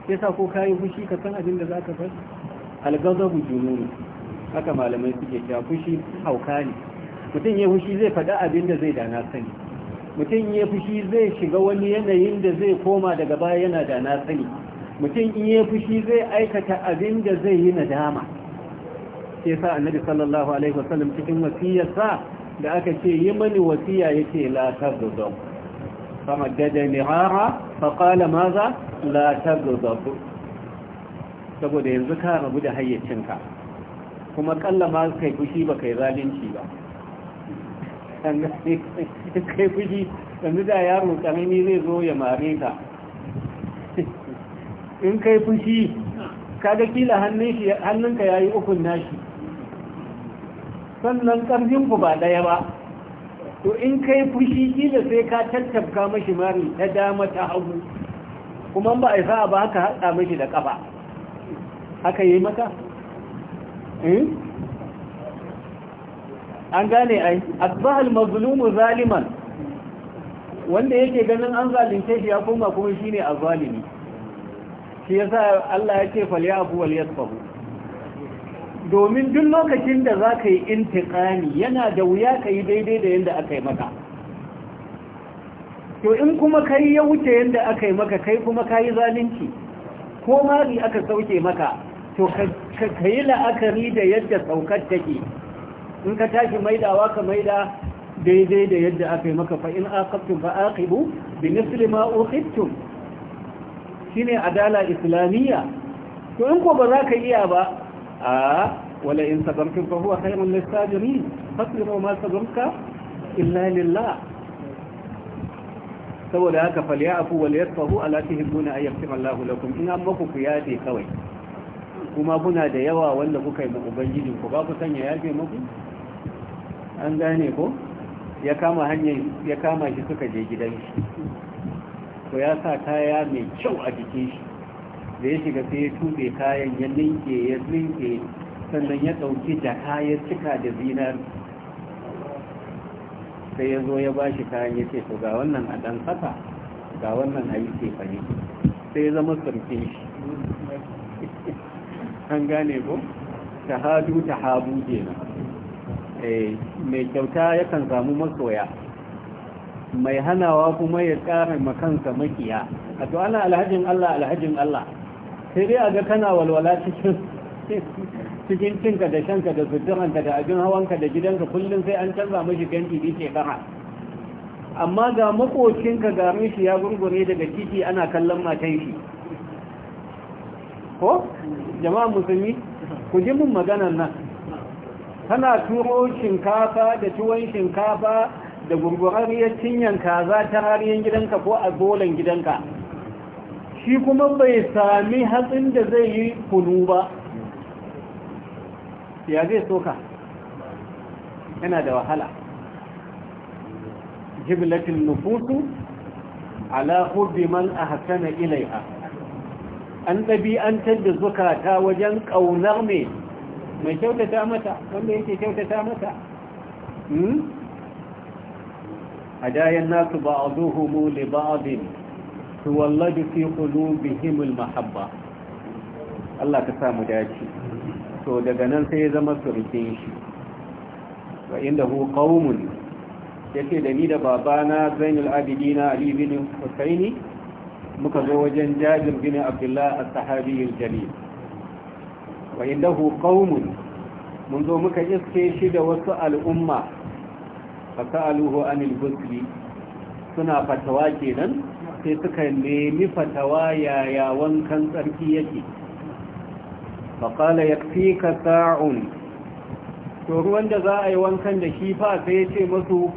ya sa ko ka yi fushi ka san abin da za ka bari algazabu ne, haka malamai suke cewa fushi hauka ne mutum ya fushi zai faɗa abin da zai dana sani mutum ya fushi zai shiga wani yanayin da zai koma daga baya yana dana sani mutum in ya fushi zai aikata abin da zai yi nadama shi sa annabi sallallahu alaihi wasallam cikin wasiyarsa da aka ce yi mani wasiya yake la taghdab kama dada mihara fa qala maza la taghdab saboda yanzu ka rabu da hayyacinka kuma kalla ma kai fushi ba kai zalunci ba kai fushi yanzu da yaro karami zai zo ya mare ka in kai fushi kaga kila hannunka ya yi ukun nashi sannan ƙarfin ku ba ɗaya ba to in kai fushi kila sai ka tattabka mashi mari ta dama ta hagu kuma ba a yi sa'a ba haka haɗa mashi da ƙafa haka yi maka? Eh? an gane ai asbahal mazlumu zaliman wanda yake ganin an zalince shi ya koma kuma shine zalimi shi yasa Allah yake falyafu wal yasfahu domin duk lokacin da za ka yi intiƙami yana da wuya ka yi daidai da yadda aka yi maka to in kuma ka yi ya wuce yadda aka yi maka kai kuma ka yi zalunci ko mari aka sauke maka to ka yi la'akari da yadda saukar take in ka tashi maidawa ka maida daidai da yadda aka yi maka fa in aqabtum fa aqibu bi misli ma uqibtum shine adala islamiyya to in ko ba za ka iya ba a wala in sabartum fa huwa khayrun lis-sabirin fasbiru ma sabarka illa lillah saboda haka falyafu wal yasfahu ala tuhibbuna ay yaghfir Allahu lakum in an baku ku yafe kawai kuma kuna da yawa wanda kuka yi ubangiji ku ba ku sanya yaje muku an gane ko ya kama hanyar ya kama shi suka je gidan shi to ya sa kaya mai kyau a jikin shi da ya shiga sai ya tube kayan ya ninke ya linke sannan ya ɗauki jaka ya cika da zinar sai ya zo ya ba shi kayan ya ce to ga wannan a ɗan kasa, ga wannan a yi tefani sai ya zama sarkin shi an gane ko ta hadu ta habu kenan eh, mai kyauta yakan samu masoya mai hanawa kuma ya tsara makansa makiya a to ana alhajin Allah alhajin Allah sai dai a ga kana walwala cikin cikin cinka da shanka da suturanka da abin hawanka da gidanka kullum sai an canza mashi ganti ne shekara amma ga makocinka garin shi ya gurgure daga titi ana kallon matan shi ko jama'a musulmi ku ji mun maganar nan Kana turo shinkafa da tuwon shinkafa da gurgurariyar cinyan kaza ta hariyan gidanka ko a bolan gidanka shi kuma bai sami hatsin da zai yi kunu ba ya zai soka yana da wahala jiblatin nufusu ala hubbi a ahsana ilaiha an ɗabi'antar da zukata wajen ƙaunar mai mai kyautata mata wanda yake kyautata mata hmm? a dayan nasu ba'aduhumu li ba'adin tuwalladu fi qulubihimul mahabba Allah ka sa mu dace to daga nan sai ya zama surkin shi wa indahu qaumun yace da ni da babana Zainul Abidina Ali bin Husaini muka zo wajen Jabir bin Abdullah as-Sahabi al-Jalil wa indahu qaumun mun zo muka iske shi da wasu al'umma fasaluhu anil busri suna fatawa kenan sai suka nemi fatawa yaya wankan tsarki yake faƙala ya fi ka sa'un to ruwan da za a yi wankan da shi fa sai ya ce masu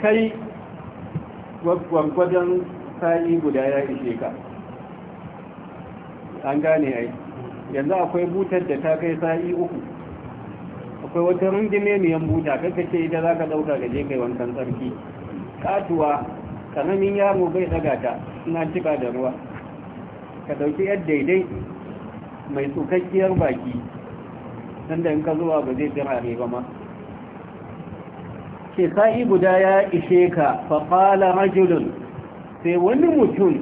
kai gwargwadon sa'i guda ya ishe ka an gane ai yanzu akwai butar da ta kai sa'i uku akwai wata rundume miyan buta kakace ita za ka ɗauka gaje kai wankan tsarki katuwa karamin yaro bai daga ta ina jiba da ruwa ka dauki yar daidai mai tsukakkiyar baki don da in ka zuwa ba zai ne ba ma ke sa'i guda ya ishe ka faƙala rajulun sai wani mutum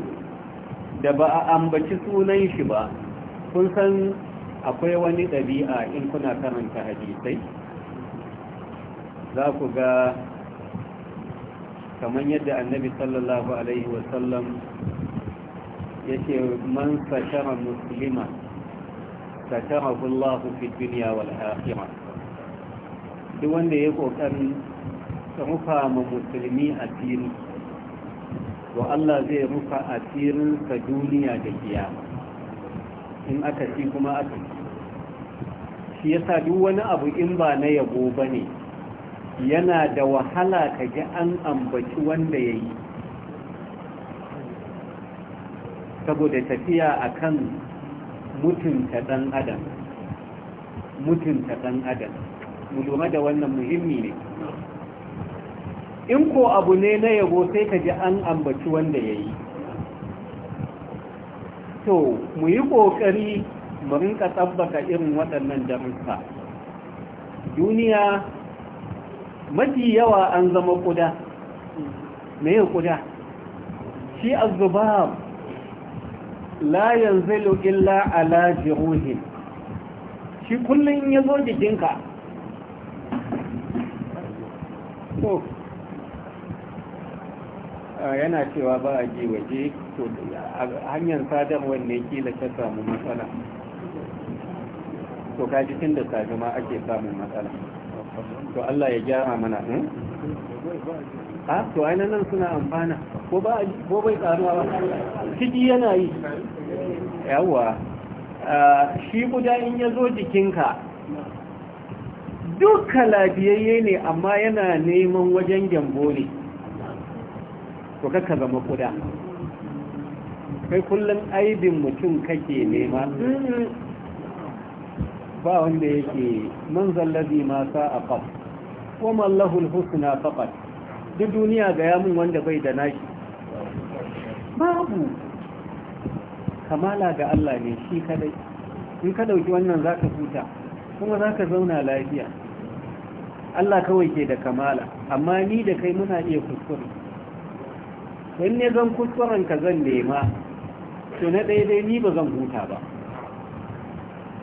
da ba a ambaci sunan shi ba kun san akwai wani ɗabi'a in kuna karanta hadisai za ku ga kamar yadda annabi sallallahu alaihi wasallam ya ce man satara musulima satara kullahu fi duniya wal akhirah duk wanda ya kokarin rufa ma musulmi asiri to Allah zai rufa asirinsa duniya da kiyama in aka ci kuma aka ci shi yasa duk wani abu in ba na yabo bane yana da wahala ka ji an ambaci wanda ya yi saboda tafiya a kan mutunta ɗan adam mutunta ɗan adam mu da wannan muhimmi ne in ko abu ne na yabo sai ka ji an ambaci wanda ya yi to mu yi ƙoƙari mu rinka tsabbaka irin waɗannan darussa duniya mafi yawa an zama kuda mai kuda shi zuba. layan zai illa ala jiruhin shi kullum ya zo jikinka so yana cewa ba a ji waje to hanyar sadarwar ne kila ta samu matsala to kaji tun da sajima ake samun matsala to Allah ya gyara mana hmm? a ah, to ainihin suna amfana ko bai tsaruwa ba ciki yana yi yawwa ah, shi guda in ya zo jikinka dukkan labiyayye ne amma yana neman wajen gyambo ne to kaka zama kuda kai kullum aibin mutum kake nema mm-hmm. ba wanda yake man zallazi ma sa'a qaf wa man lahu al-husna faqat duk duniya ga yamin wanda bai da nashi babu kamala ga Allah ne shi kadai in ka dauki wannan zaka huta kuma zaka zauna lafiya Allah kawai ke da kamala amma ni da kai muna iya kuskure in ne zan kuskuren ka zan nema to na daidai ni ba zan huta ba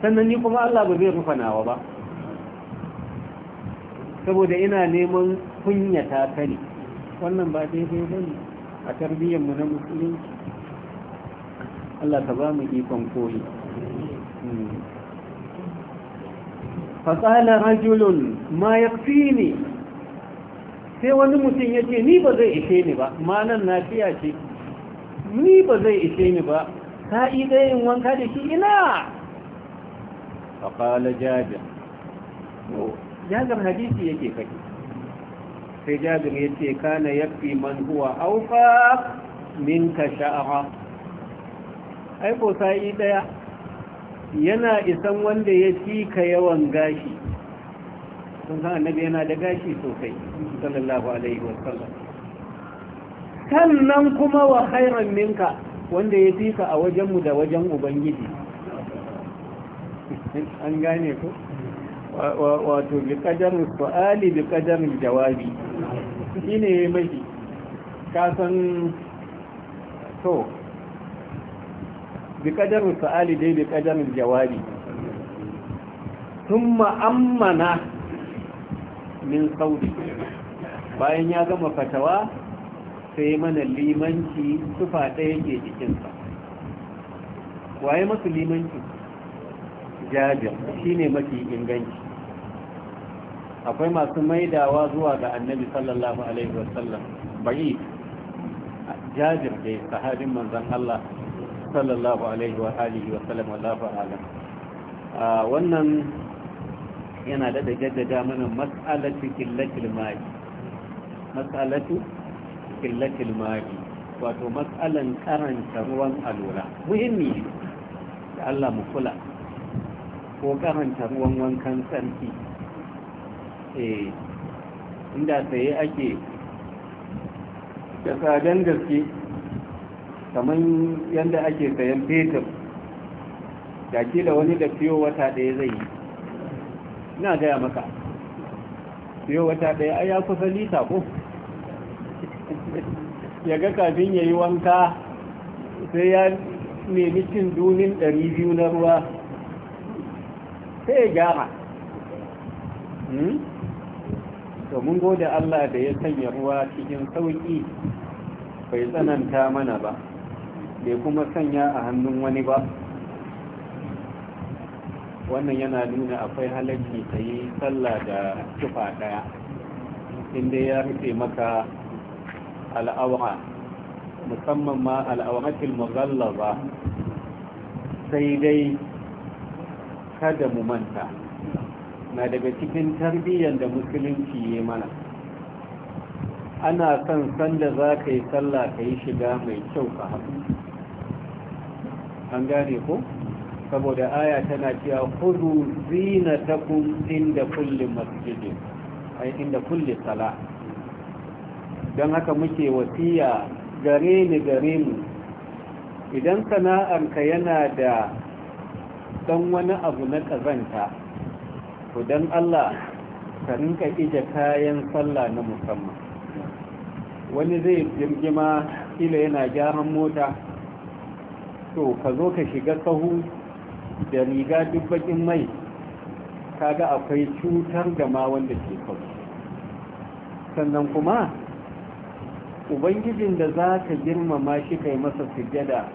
sannan ni kuma Allah ba zai rufa nawa ba saboda ina neman kunyata ta ne wannan ba daidai ba ne a tarbiyyarmu na musulunci Allah ta ba mu ikon koyi faƙala rajulun ma ya fi ne sai wani mutum ya ce ni ba zai ishe ni ba manan na fiya ce ni ba zai ishe ni ba ka yi wanka da shi ina فقال جابر جابر حديثي yake kai sai جابر ya ce kana من man huwa auka minka أي aiko sa'i yana isan wanda ya fi yawan gashi sun san yana da gashi sosai sallallahu alaihi wasallam sannan kuma wa hairan minka wanda ya fi a wajenmu da wajen ubangiji an gane ku wato bi kadarin su'ali bi kadarin jawabi shine mafi kasan to bi kadarin su'ali dai bi kadarin jawabi sun ma'ammana min sauri. bayan ya gama fatawa sai mana limanci tufa ɗaya ke jikinsa waye masu limanci jajir shi ne mafi inganci akwai masu maidawa zuwa ga annabi sallallahu alaihi wasallam bai jabir da sahabin manzan Allah sallallahu alaihi wa alihi wasallam wallahu a'lam wannan yana da jaddada mana mas'alatu killatil ma'i mas'alatu killatil ma'i wato mas'alan karanta ruwan alura muhimmi da Allah mu kula ko karanta ruwan wankan sarki eh inda saye ake da sadan gaske kamar yadda ake sayan fetur da ke da wani da fiyo wata ɗaya zai yi na gaya maka fiyo wata ɗaya a ya kusa lita ko ya ga kafin ya yi wanka sai ya nemi cin dunin 200 na ruwa sai ya gyara domin hmm? gode Allah da ya sanya ruwa cikin sauƙi bai tsananta mana ba bai kuma sanya a hannun wani ba wannan yana nuna akwai halarci ta yi sallah da tufa ɗaya inda ya rufe maka al'awa musamman ma mazalla ba. sai dai kada mu manta na daga cikin tarbiyyar da musulunci ya mana ana son sanda za ka yi sallah ka yi shiga mai kyau ka haɗu an gane ko saboda aya tana cewa kudu zina ta inda kulle masjidin aikin inda kulle sala don haka muke wasiya gare ni gare mu idan sana'arka yana da dan wani abu na kazanta to dan Allah ka rinka ije kayan sallah na musamman wani zai jirgima kila yana gyaran mota to ka zo ka shiga sahu da riga dubbakin mai kaga akwai cutar da ma wanda ke kawo sannan kuma ubangijin da za ka girmama shi kai masa sujjada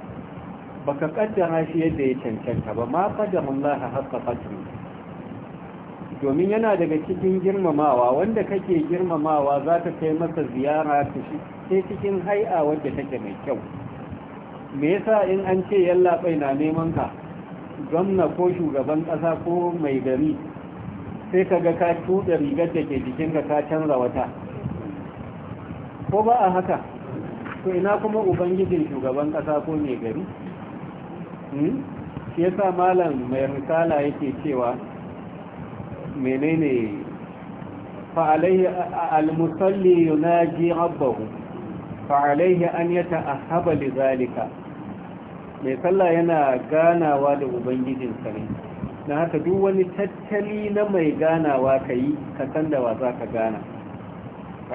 baka kaddara shi yadda ya cancanta ba ma qadarullah haqqa qadri domin yana daga cikin girmamawa wanda kake girmamawa za ka kai masa ziyara ta shi sai cikin hai'a wadda take mai kyau me yasa in an ce yallaɓai na neman ka gwamna ko shugaban ƙasa ko mai gari sai ka ga ka tuɗa rigar da ke jikinka ka canza wata ko ba a haka to ina kuma ubangijin shugaban ƙasa ko mai gari Hmm? shi yasa malam mai risala yake cewa menene fa'alaihi al-musalli yunaji rabbahu fa'alaihi an yata'ahhaba li zalika mai sallah yana ganawa da ubangijinsa ne na haka duk wani tattali na mai ganawa ka yi ka san da wa ka gana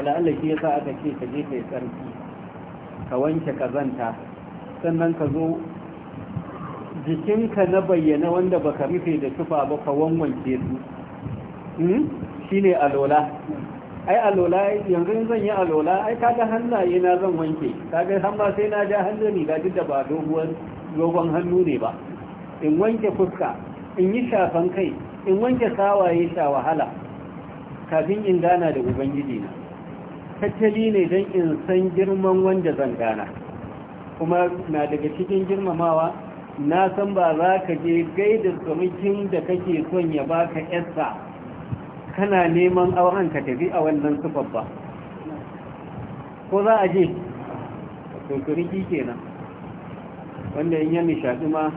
Allah shi yasa aka ce ka je kai tsarki ka wanke kazanta sannan ka zo jikinka na bayyana wanda baka rufe da tufa ba ka wanwanke su hmm? shi ne alola ai alola yanzu zan yi alola ai kaga hannaye na zan wanke kaga hamma sai na ja hannuni ga duk da ba dogon hannu ne ba in wanke fuska in yi shafan kai in wanke sawaye sha wahala kafin in gana da ubangiji na tattali ne don in san girman wanda zan gana kuma na daga cikin girmamawa na san ba za ka je gaidar kwamitin da kake son ya baka yasa kana neman auren ka tafi a wannan sufar ba ko za a je turiki kenan wanda yin ya nishaɗi ma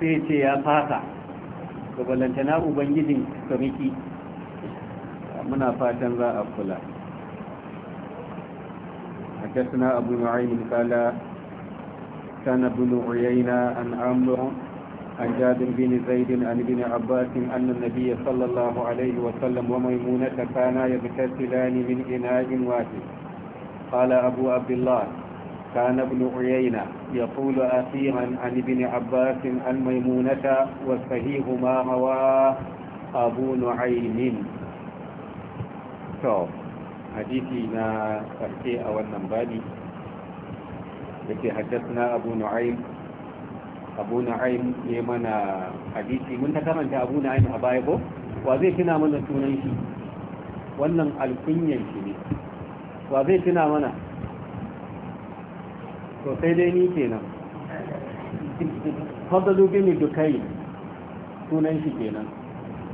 sai ce ya fasa ga balantana ubangijin turiki muna fatan za a kula abu أبو نعيم kala كان ابن عيينة عن عمرو عن جابر بن زيد عن ابن عباس أن النبي صلى الله عليه وسلم وميمونة كانا يغتسلان من إناء واحد قال أبو عبد الله كان ابن عيينة يقول أخيرا عن ابن عباس عن ميمونة والصحيح ما رواه أبو نعيم حديثنا تحكي أولا بالي yake haddasa abu nu'aym abu nu'aym ne mana hadisi mun ta karanta abu nu'aym a baya ko wa zai tuna mana sunan shi wannan alkunyan shi ne wa zai tuna mana to sai dai ni kenan fadalu bin dukai sunan shi kenan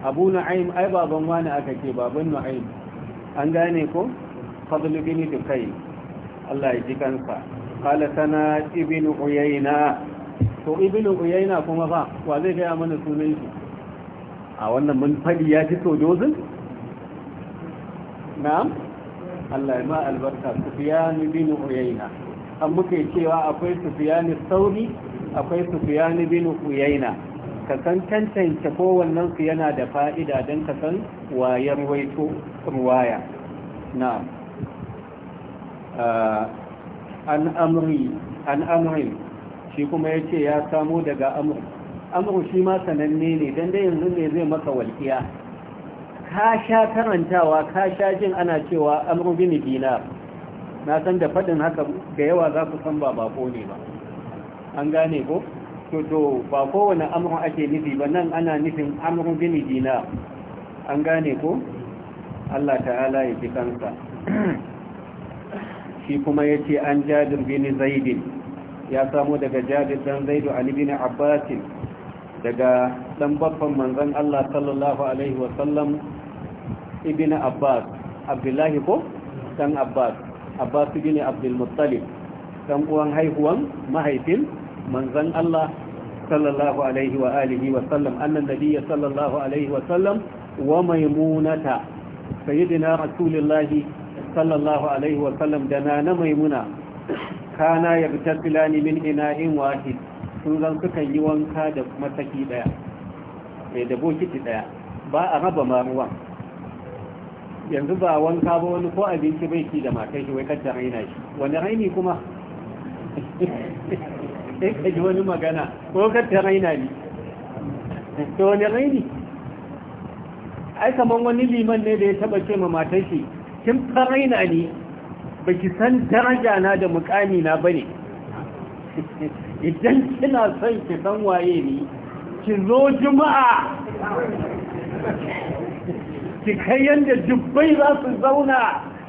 abu nu'aym ai baban wani aka ce baban nu'aym an gane ko fadalu bin dukai Allah ya ji kansa قال سنا ابن عيينة to ibin uyayna kuma fa wa zai gaya mana sunan shi a wannan mun fadi ya fito dozin na'am Allah ya ma albarka sufyan ibn uyayna an muke cewa akwai sufyan sauri akwai sufyan ibn uyayna ka san tantance kowannen su yana da fa'ida don ka san wayar waito ruwaya na'am an amri an amri shi kuma ya ce ya samo daga amur amur shi ma sananne ne don da yanzu ne zai maka walƙiya ka sha karantawa ka sha jin ana cewa amur bini dina. na san da faɗin haka da yawa za ku san ba bako ne ba an gane ko to to ba kowane amur ake nufi ba nan ana nufin amur bini dina. an gane ko Allah ta'ala ya ji kansa shi kuma ya ce an jabir bin zaidin ya samu daga jabir dan zaidu ali bin abbasin daga dan babban manzan Allah sallallahu alaihi wasallam ibn abbas abdullahi ko dan abbas abbas bin abdul muttalib dan uwan haihuwan mahaifin manzan Allah sallallahu alaihi wa alihi wasallam annan Nabiya sallallahu alaihi wasallam wa maimunata sayidina rasulullahi sallallahu alaihi wasallam da na na maimuna kana filani min ina'in wahi sun zan sukan yi wanka da mataki daya mai eh, da bokiti daya ba a raba ma yanzu ba wanka ba wani ko abinci bai ki da matai shi wai kacce raina shi wani raini kuma sai ka ji wani magana ko kacce raina ne to wani raini ai kaman wani liman ne da ya taba ce ma matai shi kin tsaraina ne ba ki san daraja na da mukami na ba ne idan kina son ki san waye ni ki zo juma'a ki kai yadda dubbai za su zauna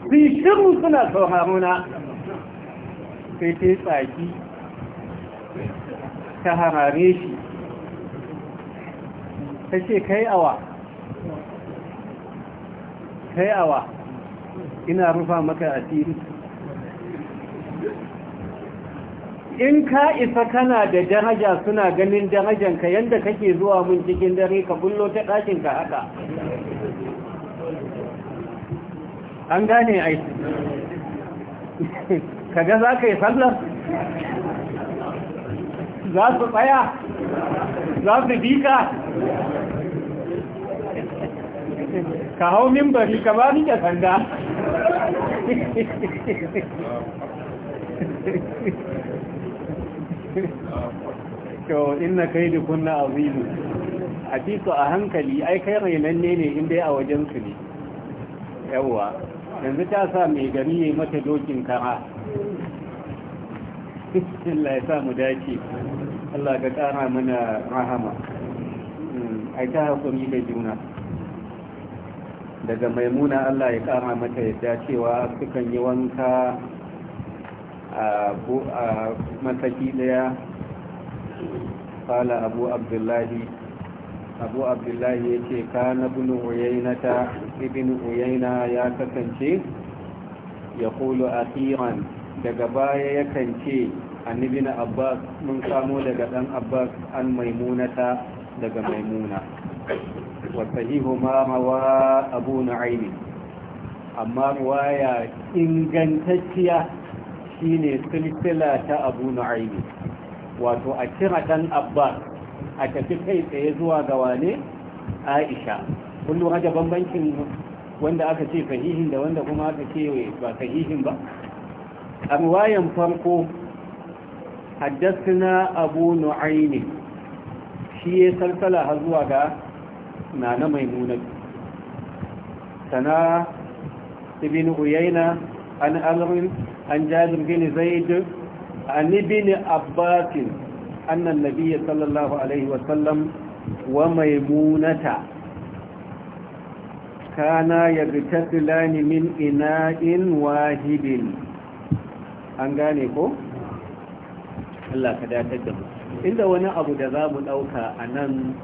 su yi shirin suna sauharuna sai ta tsaki ta harare shi ta ce kai awa kai awa ina rufa maka asiri in ka isa kana da daraja suna ganin darajanka yadda kake zuwa mun cikin dare ka bullo ta ɗakinka haka an gane aiki. kaga za ka yi sallar za su tsaya za su bika ka hau mimbari ka ba ni sanda to inna kai da kunna azimu a a hankali ai kai rainanne ne in dai a wajen su ne yawwa yanzu ta sa mai gari ya mata dokin kara Allah ya sa mu dace Allah ka kara mana rahama hmm, ai ta hakuri da juna daga maimuna allah ya kara mata yadda cewa sukan yi wanka a mataki daya fala abu abdullahi abu abdullahi ya ce ka na bin uyainata ibin uyaina ya kasance ya kulu asiran daga baya ya ce a nibina abbas mun samo daga dan abbas an maimunata daga maimuna وصحيهما روى أبو نعيم أما Wato a kira شيني سلسلة a نعيم kai tsaye zuwa سيزوى دواني عائشة كل هذا بمبنشن wanda aka ce sahihin da wanda kuma aka ce ba sahihin ba a ruwayan farko haddasuna abu nu'aini shi ya salsala har zuwa ga na na maimunan. sana ibn uyayna an alrin an jabir bin zaid an ibn abbas anna an-nabiy sallallahu alaihi wa sallam wa maimunata kana yagtasilani min ina'in wahibin an gane ko Allah ka datar da mu inda wani abu da za mu ɗauka a nan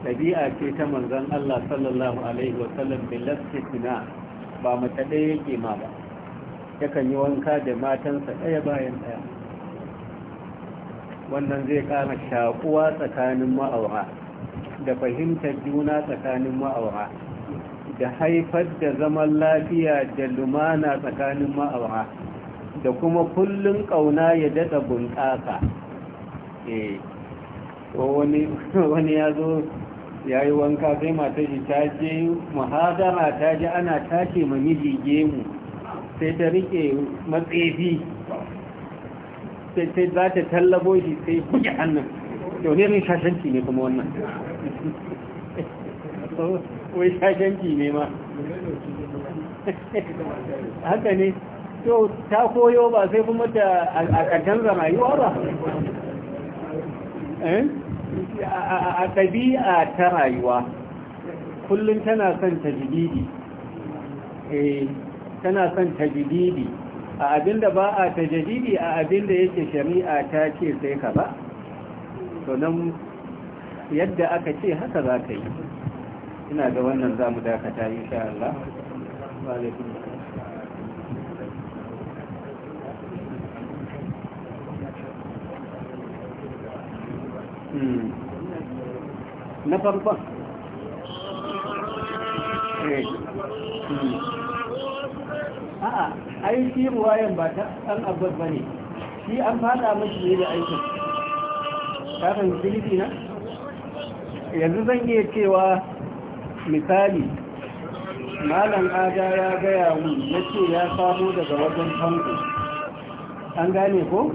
Tabi'a ce ta manzan Allah sallallahu alaihi wasallam bilastina ba mata ɗaya yake ma ba yakan yi wanka da matansa ɗaya bayan ɗaya wannan zai ƙara shakuwa tsakanin ma'aura da fahimtar juna tsakanin ma'aura da haifar da zaman lafiya da lumana tsakanin ma'aura da kuma kullum ƙauna ya daɗa bunƙasa eh, wani ya zo ya yi wanka sai mata shi ta je muhadara ta ji ana tace ma miji gemu sai ta rike matsefi sai za ta tallabo shi sai buge hannun yau ne rin shashanci ne kuma wannan wai shashanci ne ma haka ne to ta koyo ba sai kuma ta a ƙarshen rayuwa ba eh a ɗabi'a ta rayuwa kullum tana son tajididi eh tana son jididi a abinda ba a jididi a abinda yake shari'a ta ce sai ka ba to nan yadda aka ce haka za ka yi ina ga wannan za mu dakata insha Allah na farkon eh. a'a aiki shi ruwayan ba ta ɗan abbas ba ne shi an fada mashi ne da aikin kafin filifi na yanzu zan iya cewa misali malam aga ya gaya mun na ce ya samo daga wajen famko an gane ko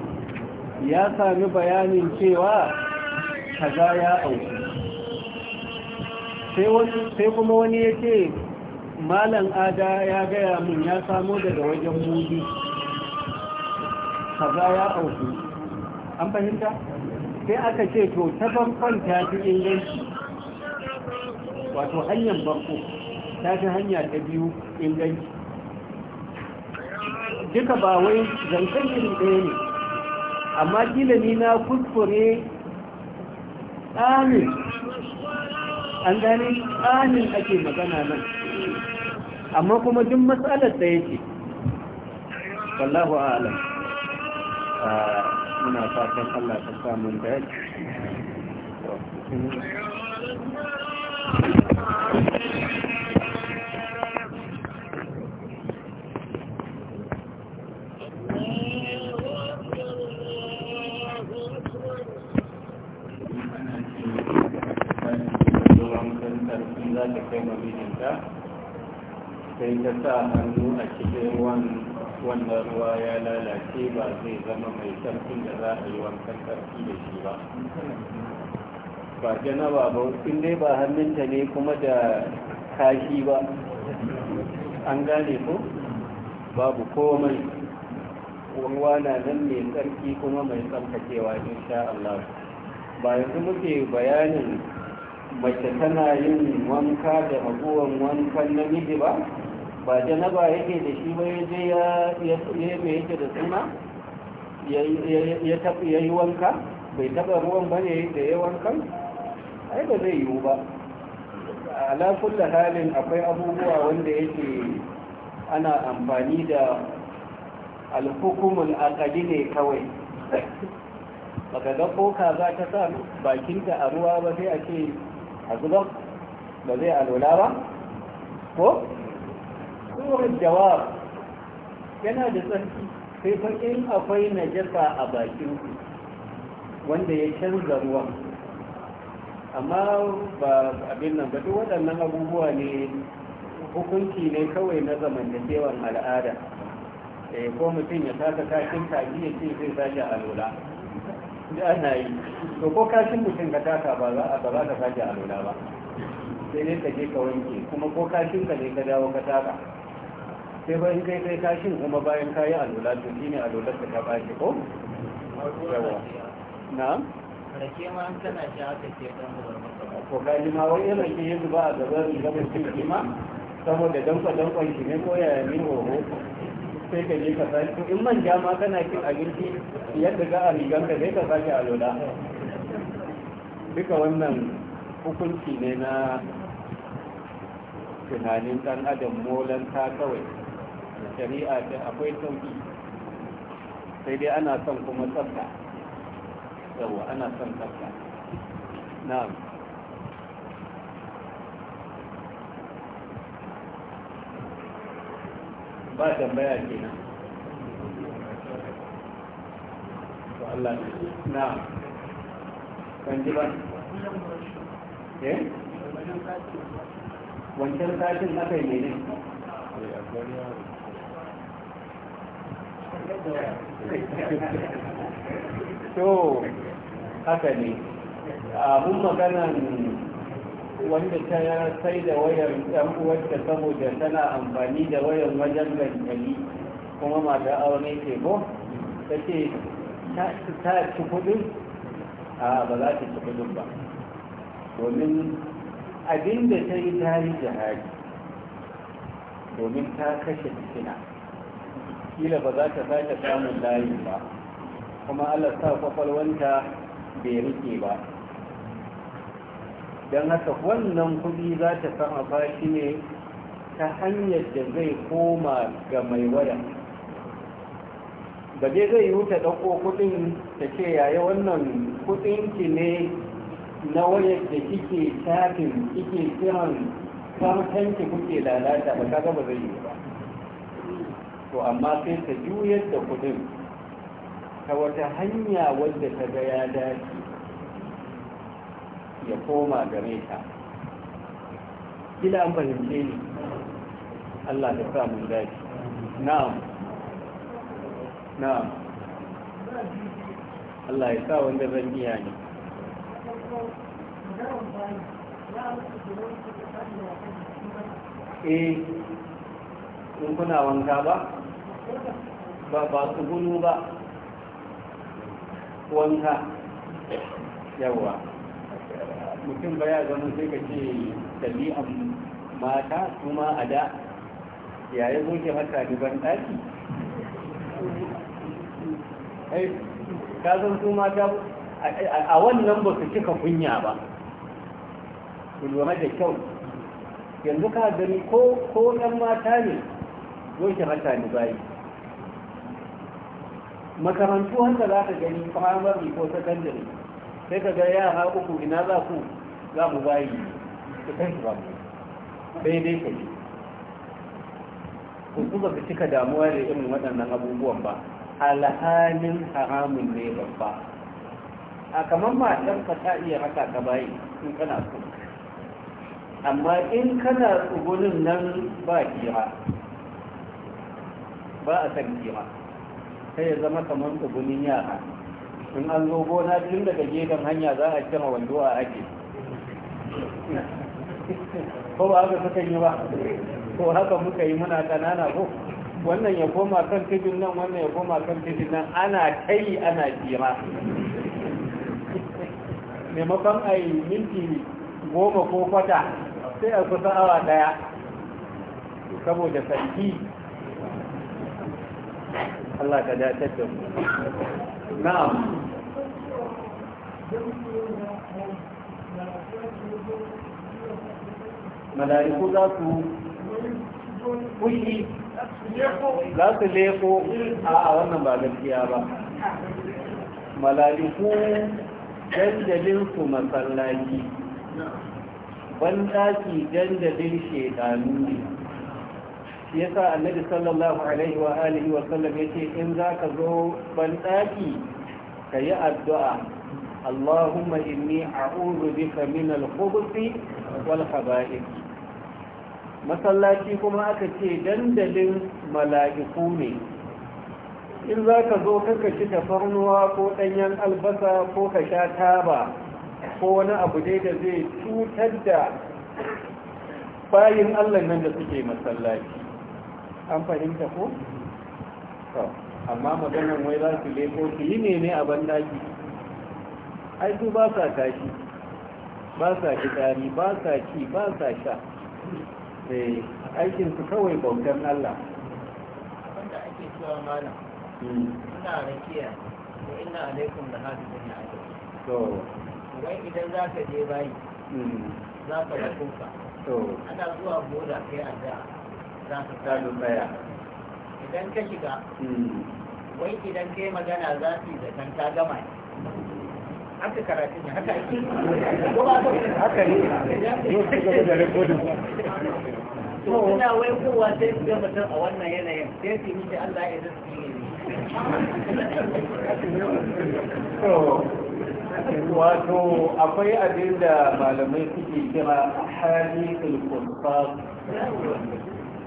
ya sami bayanin cewa kaza ya auku sai kuma wani ya ce malan ada ya gaya min ya samo daga wajen mudi kaza ya auku an fahimta sai aka ce to ta bankan ta fi inganci wato hanyar bako ta fi hanya ta biyu inganci duka ba wai zancen iri ɗaya ne amma kila ni na kuskure amin an gani amin ake magana nan amma kuma duk matsalar da yake wallahu alam ah, muna fatan Allah ta samu da yake sai ta sa hannu a cikin wannan ruwa ya lalace ba zai zama mai sarfin da za a yi wankan sarfi da shi ba ba janaba ba in dai ba hannunta ne kuma da kashi ba an gane ko babu komai ruwa na nan mai tsarki kuma mai tsarkakewa insha Allah ba yanzu muke bayanin mace tana yin wanka da abuwan wankan namiji ba ba janaba yake da shi ba ya je ya yake da suna ya yi wanka bai taba ruwan ba ne da ya wankan ai ba zai yiwu ba ala kulla halin akwai abubuwa wanda yake ana amfani da alhukumul akali ne kawai baka ga ko kaza ta sa bakinta a ruwa ba sai a ce a zuba ba zai alola ba ko tsoron jawab yana da tsarki sai fakin akwai akwai najasa a bakin ku wanda ya canza ruwan amma ba abin nan ba duk waɗannan abubuwa ne hukunci ne kawai na cewar al'ada eh, ko mutum ya saka kashin kaji ya ce zai a alola da ana yi to ko kashin mutum ka taka ba za ka a alola ba sai dai ka je ka wanke kuma ko kashin ka ne ka dawo ka taka sai bayan kai kai kashin kuma bayan kayi alola to shi ne alolar ka ta ɓaci ko? yawa na? rake ma an kana shi aka ce ɗan zubar masa ko kaji ma wai yana ki yin zuba a gaban gaban cikin ma saboda danfa danfan shi ne ko yaya ne oho sai ka je ka sake in manja ma kana kin abinci yadda za a rigan ka zai ka sake a loda duka wannan hukunci ne na tunanin dan adam molanta kawai da shari'a ta akwai sauki sai dai ana son kuma tsafta yawa ana son tsafta na'am ba tambaya kenan to Allah ne na'am kan ji ba ke? Eh? wancan sashin aka yi ne eh, ne to haka ne mun maganan wanda ta sai da wayar ɗan uwarta saboda tana amfani da wayar wajen gantali kuma mata aure ce bo ta ce ta ci kudin a ba za ta ci kudin ba domin abinda ta yi ta yi jihari domin ta kashe fitina kila ba za ta sake samun layi ba kuma allah sa kwakwalwanta bai rike ba don haka wannan kudi za ta sama fashi ne ta hanyar da zai koma ga mai waya ba dai zai yi ta ɗauko kudin ta ce yaya wannan ki ne na wayar da kike shafin kike kiran farkanki kuke lalata ba kaga ba zai yi ba to amma sai ta juyar da kudin ta wata hanya wadda ta ga ya dace ya koma gare ta gida an fahimce ni Allah da sa mun dace na'am na'am Allah ya sa wanda zan iya ne eh kun kuna wanka ba ba su gudu ba wanka yawa mutum ba ya zama sai ka ce ɗabi'an mata kuma a da yayin zoke mata duban ɗaki ka zan su mata a wannan ba su cika kunya ba ku lura da kyau yanzu ka gani ko ɗan mata ne zoke mata ni bayi makarantu wanda za ka gani primary ko secondary sai ka ga yara uku ina za ku za mu bayi su kai su bamu sai dai ka yi ku ba ka cika damuwa da irin waɗannan abubuwan ba alhanin haramun ne babba a kamar matan ka ta iya haka ka bayi in kana su amma in kana tsugunin nan ba kira ba a san kira sai ya zama kamar tsugunin yara in an zo gona tun daga gidan hanya za a kira wando a ake ko ba haka suka yi ba ko haka muka yi muna kanana ko wannan ya koma kan tijin nan wannan ya koma kan tijin nan ana kai ana jira maimakon a yi minti goma ko kwata sai a kusa awa daya saboda sarki Allah ka dace da mu na'am mala'iku za su kushi za su leko a wannan ba gaskiya ba mala'iku su masallaki, ban ɗaki dandalin shekaru ne yasa annabi sallallahu alaihi wa alihi wa sallam yace in zaka zo ban daki kayi addu'a Allahumma inni a'udhu bika min al-khubuthi wal khaba'ith masallaci kuma aka ce dandalin mala'iku ne in zaka zo kanka ci tafarnuwa ko danyen albasa ko ka sha taba ko wani abu dai da zai cutar da bayin Allah nan da suke masallaci an fahimta ko amma maganin wai za su leko su yi mene a bandaki ai su ba sa tashi ba sa fitari ba sa ci ba sa sha eh, aikinsu kawai bautan Allah wanda ake cewa mana hmm. ina rakiya ko ina alaikum da hadu da na to wai idan za ka je bayi hmm. za ka rakuka ana zuwa boda kai a da za idan ka shiga hmm. wai idan magana za su yi zaton ta gama ne haka wai kowa sai su a wannan yanayin sai su yi Allah ya zasu yi wato akwai abin da malamai suke kira hali kulkurfa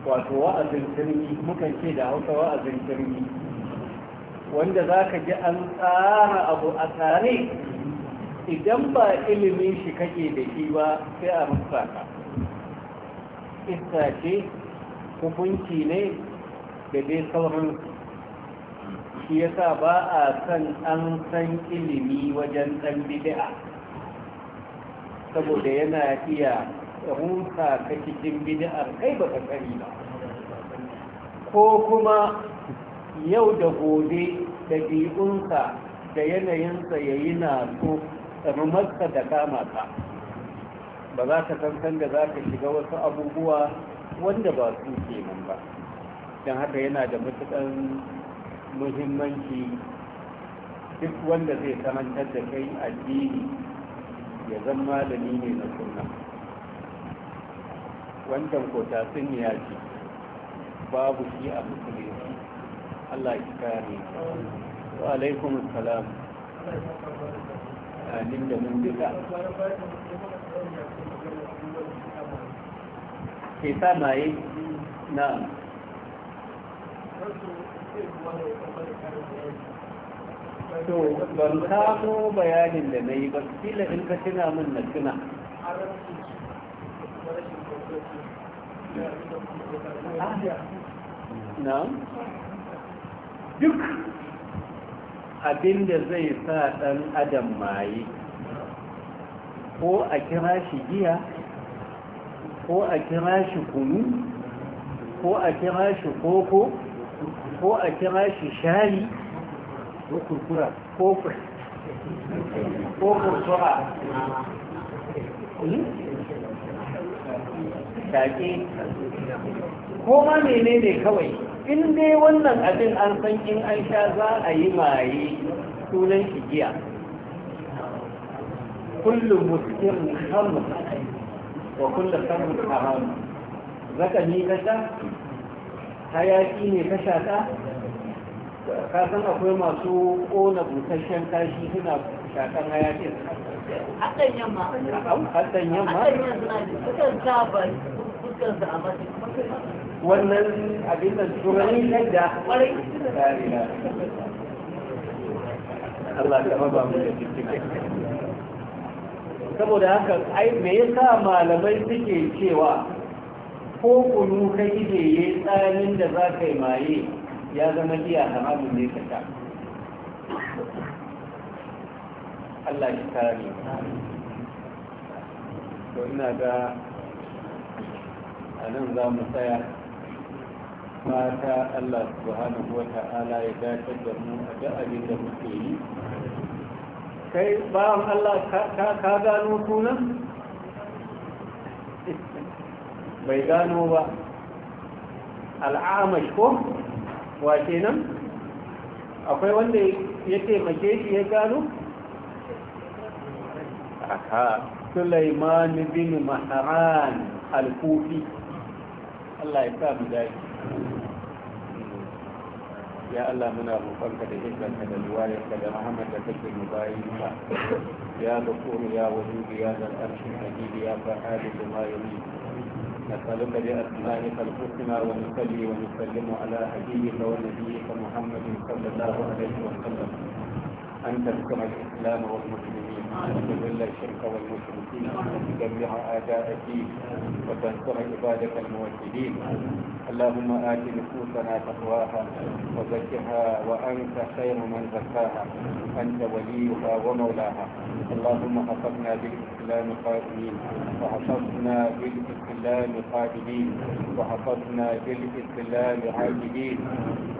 wato wa'azin sirri mukan ce da hausa wa'azin sirri wanda za ka ji an tsara abu a tare idan ba ilimin shi kake da shi ba sai a rufa ka istace hukunci ne da dai sauran shi yasa ba a san an san ilimi wajen ɗan bid'a saboda yana iya rusa ka cikin bidiyar kai ba ka sani ba ko kuma yau da gobe ɗabi'unsa da yanayinsa ya yi na su rumarsa da kama ka ba za ka san da za ka shiga wasu abubuwa wanda ba su ke nan ba don haka yana da matuƙar muhimmanci duk wanda zai samantar da kai addini ya zama da ne na suna wannan kota sun ya ce babu shi a musulunci allah ki kare wa alaikum salam amin da mun duka ke sa mai na to ban kamo bayanin da na yi ba kila in ka tuna min na tuna na duk abinda zai sa ɗan adam maye ko a kira shi giya ko a kira shi kunu ko a kira shi koko ko a kira shi shari ko kurkura ko kurkura shaƙe ko ma menene kawai in dai wannan abin an san in an sha za a yi maye sunan shi giya kullum muskin khamr wa kullum khamr haram zaka ni na sha hayaki ne ka sha ka san akwai masu ƙona busasshen kashi suna shakan hayakin hakan yamma hakan yamma sukan sa ba fuskansa a mace wannan abin da turai na da kwarai Allah ta ba mu da cikin saboda haka ai me yasa malamai suke cewa ko kunu kai da yayi tsarin da za ka yi maye ya zama iya haramun ne ka sha Allah ya kare to ina ga a nan za mu tsaya mata Allah subhanahu wa ta'ala ya dace da mu a duk abin da muke yi kai ba Allah ka gano sunan bai gano ba Al'amai ko wa kenan akwai wanda ya taimake shi ya gano الضحاك سليمان بن مهران الكوفي الله يسامح ذلك يا الله منا روحك da hikmarka da riwayarka da rahama da kake mubayinka ya ghafur ya wajud ya zal arshi majid ya fa'al bima yurid نسألك بأسمائك الحسنى ونصلي ونسلم على حبيبك ونبيك محمد صلى الله عليه وسلم أن تذكر الإسلام والمسلمين وتذل الشرك والمشركين وتدمر اعداء الدين وتنصر عبادك الموحدين اللهم ات نفوسنا تقواها وزكها وانت خير من زكاها انت وليها ومولاها اللهم حفظنا بالاسلام قائمين وحفظنا بالاسلام الإسلام قادمين وحفظنا في الإسلام عاجبين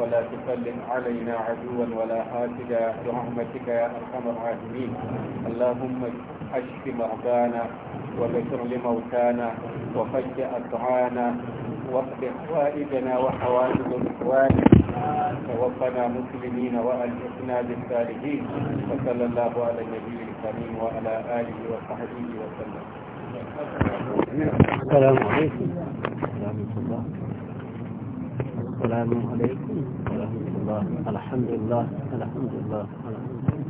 ولا تسلم علينا عدوا ولا حاسدا برحمتك يا أرحم الراحمين اللهم اشف مرضانا وبشر لموتانا وفج أسعانا واقض حوائجنا وحوائج إخواننا توفنا مسلمين وألحقنا بالصالحين وصلى الله على النبي الكريم وعلى آله وصحبه وسلم السلام عليكم ورحمة الله السلام عليكم ورحمة الله الحمد لله الحمد لله الحمد لله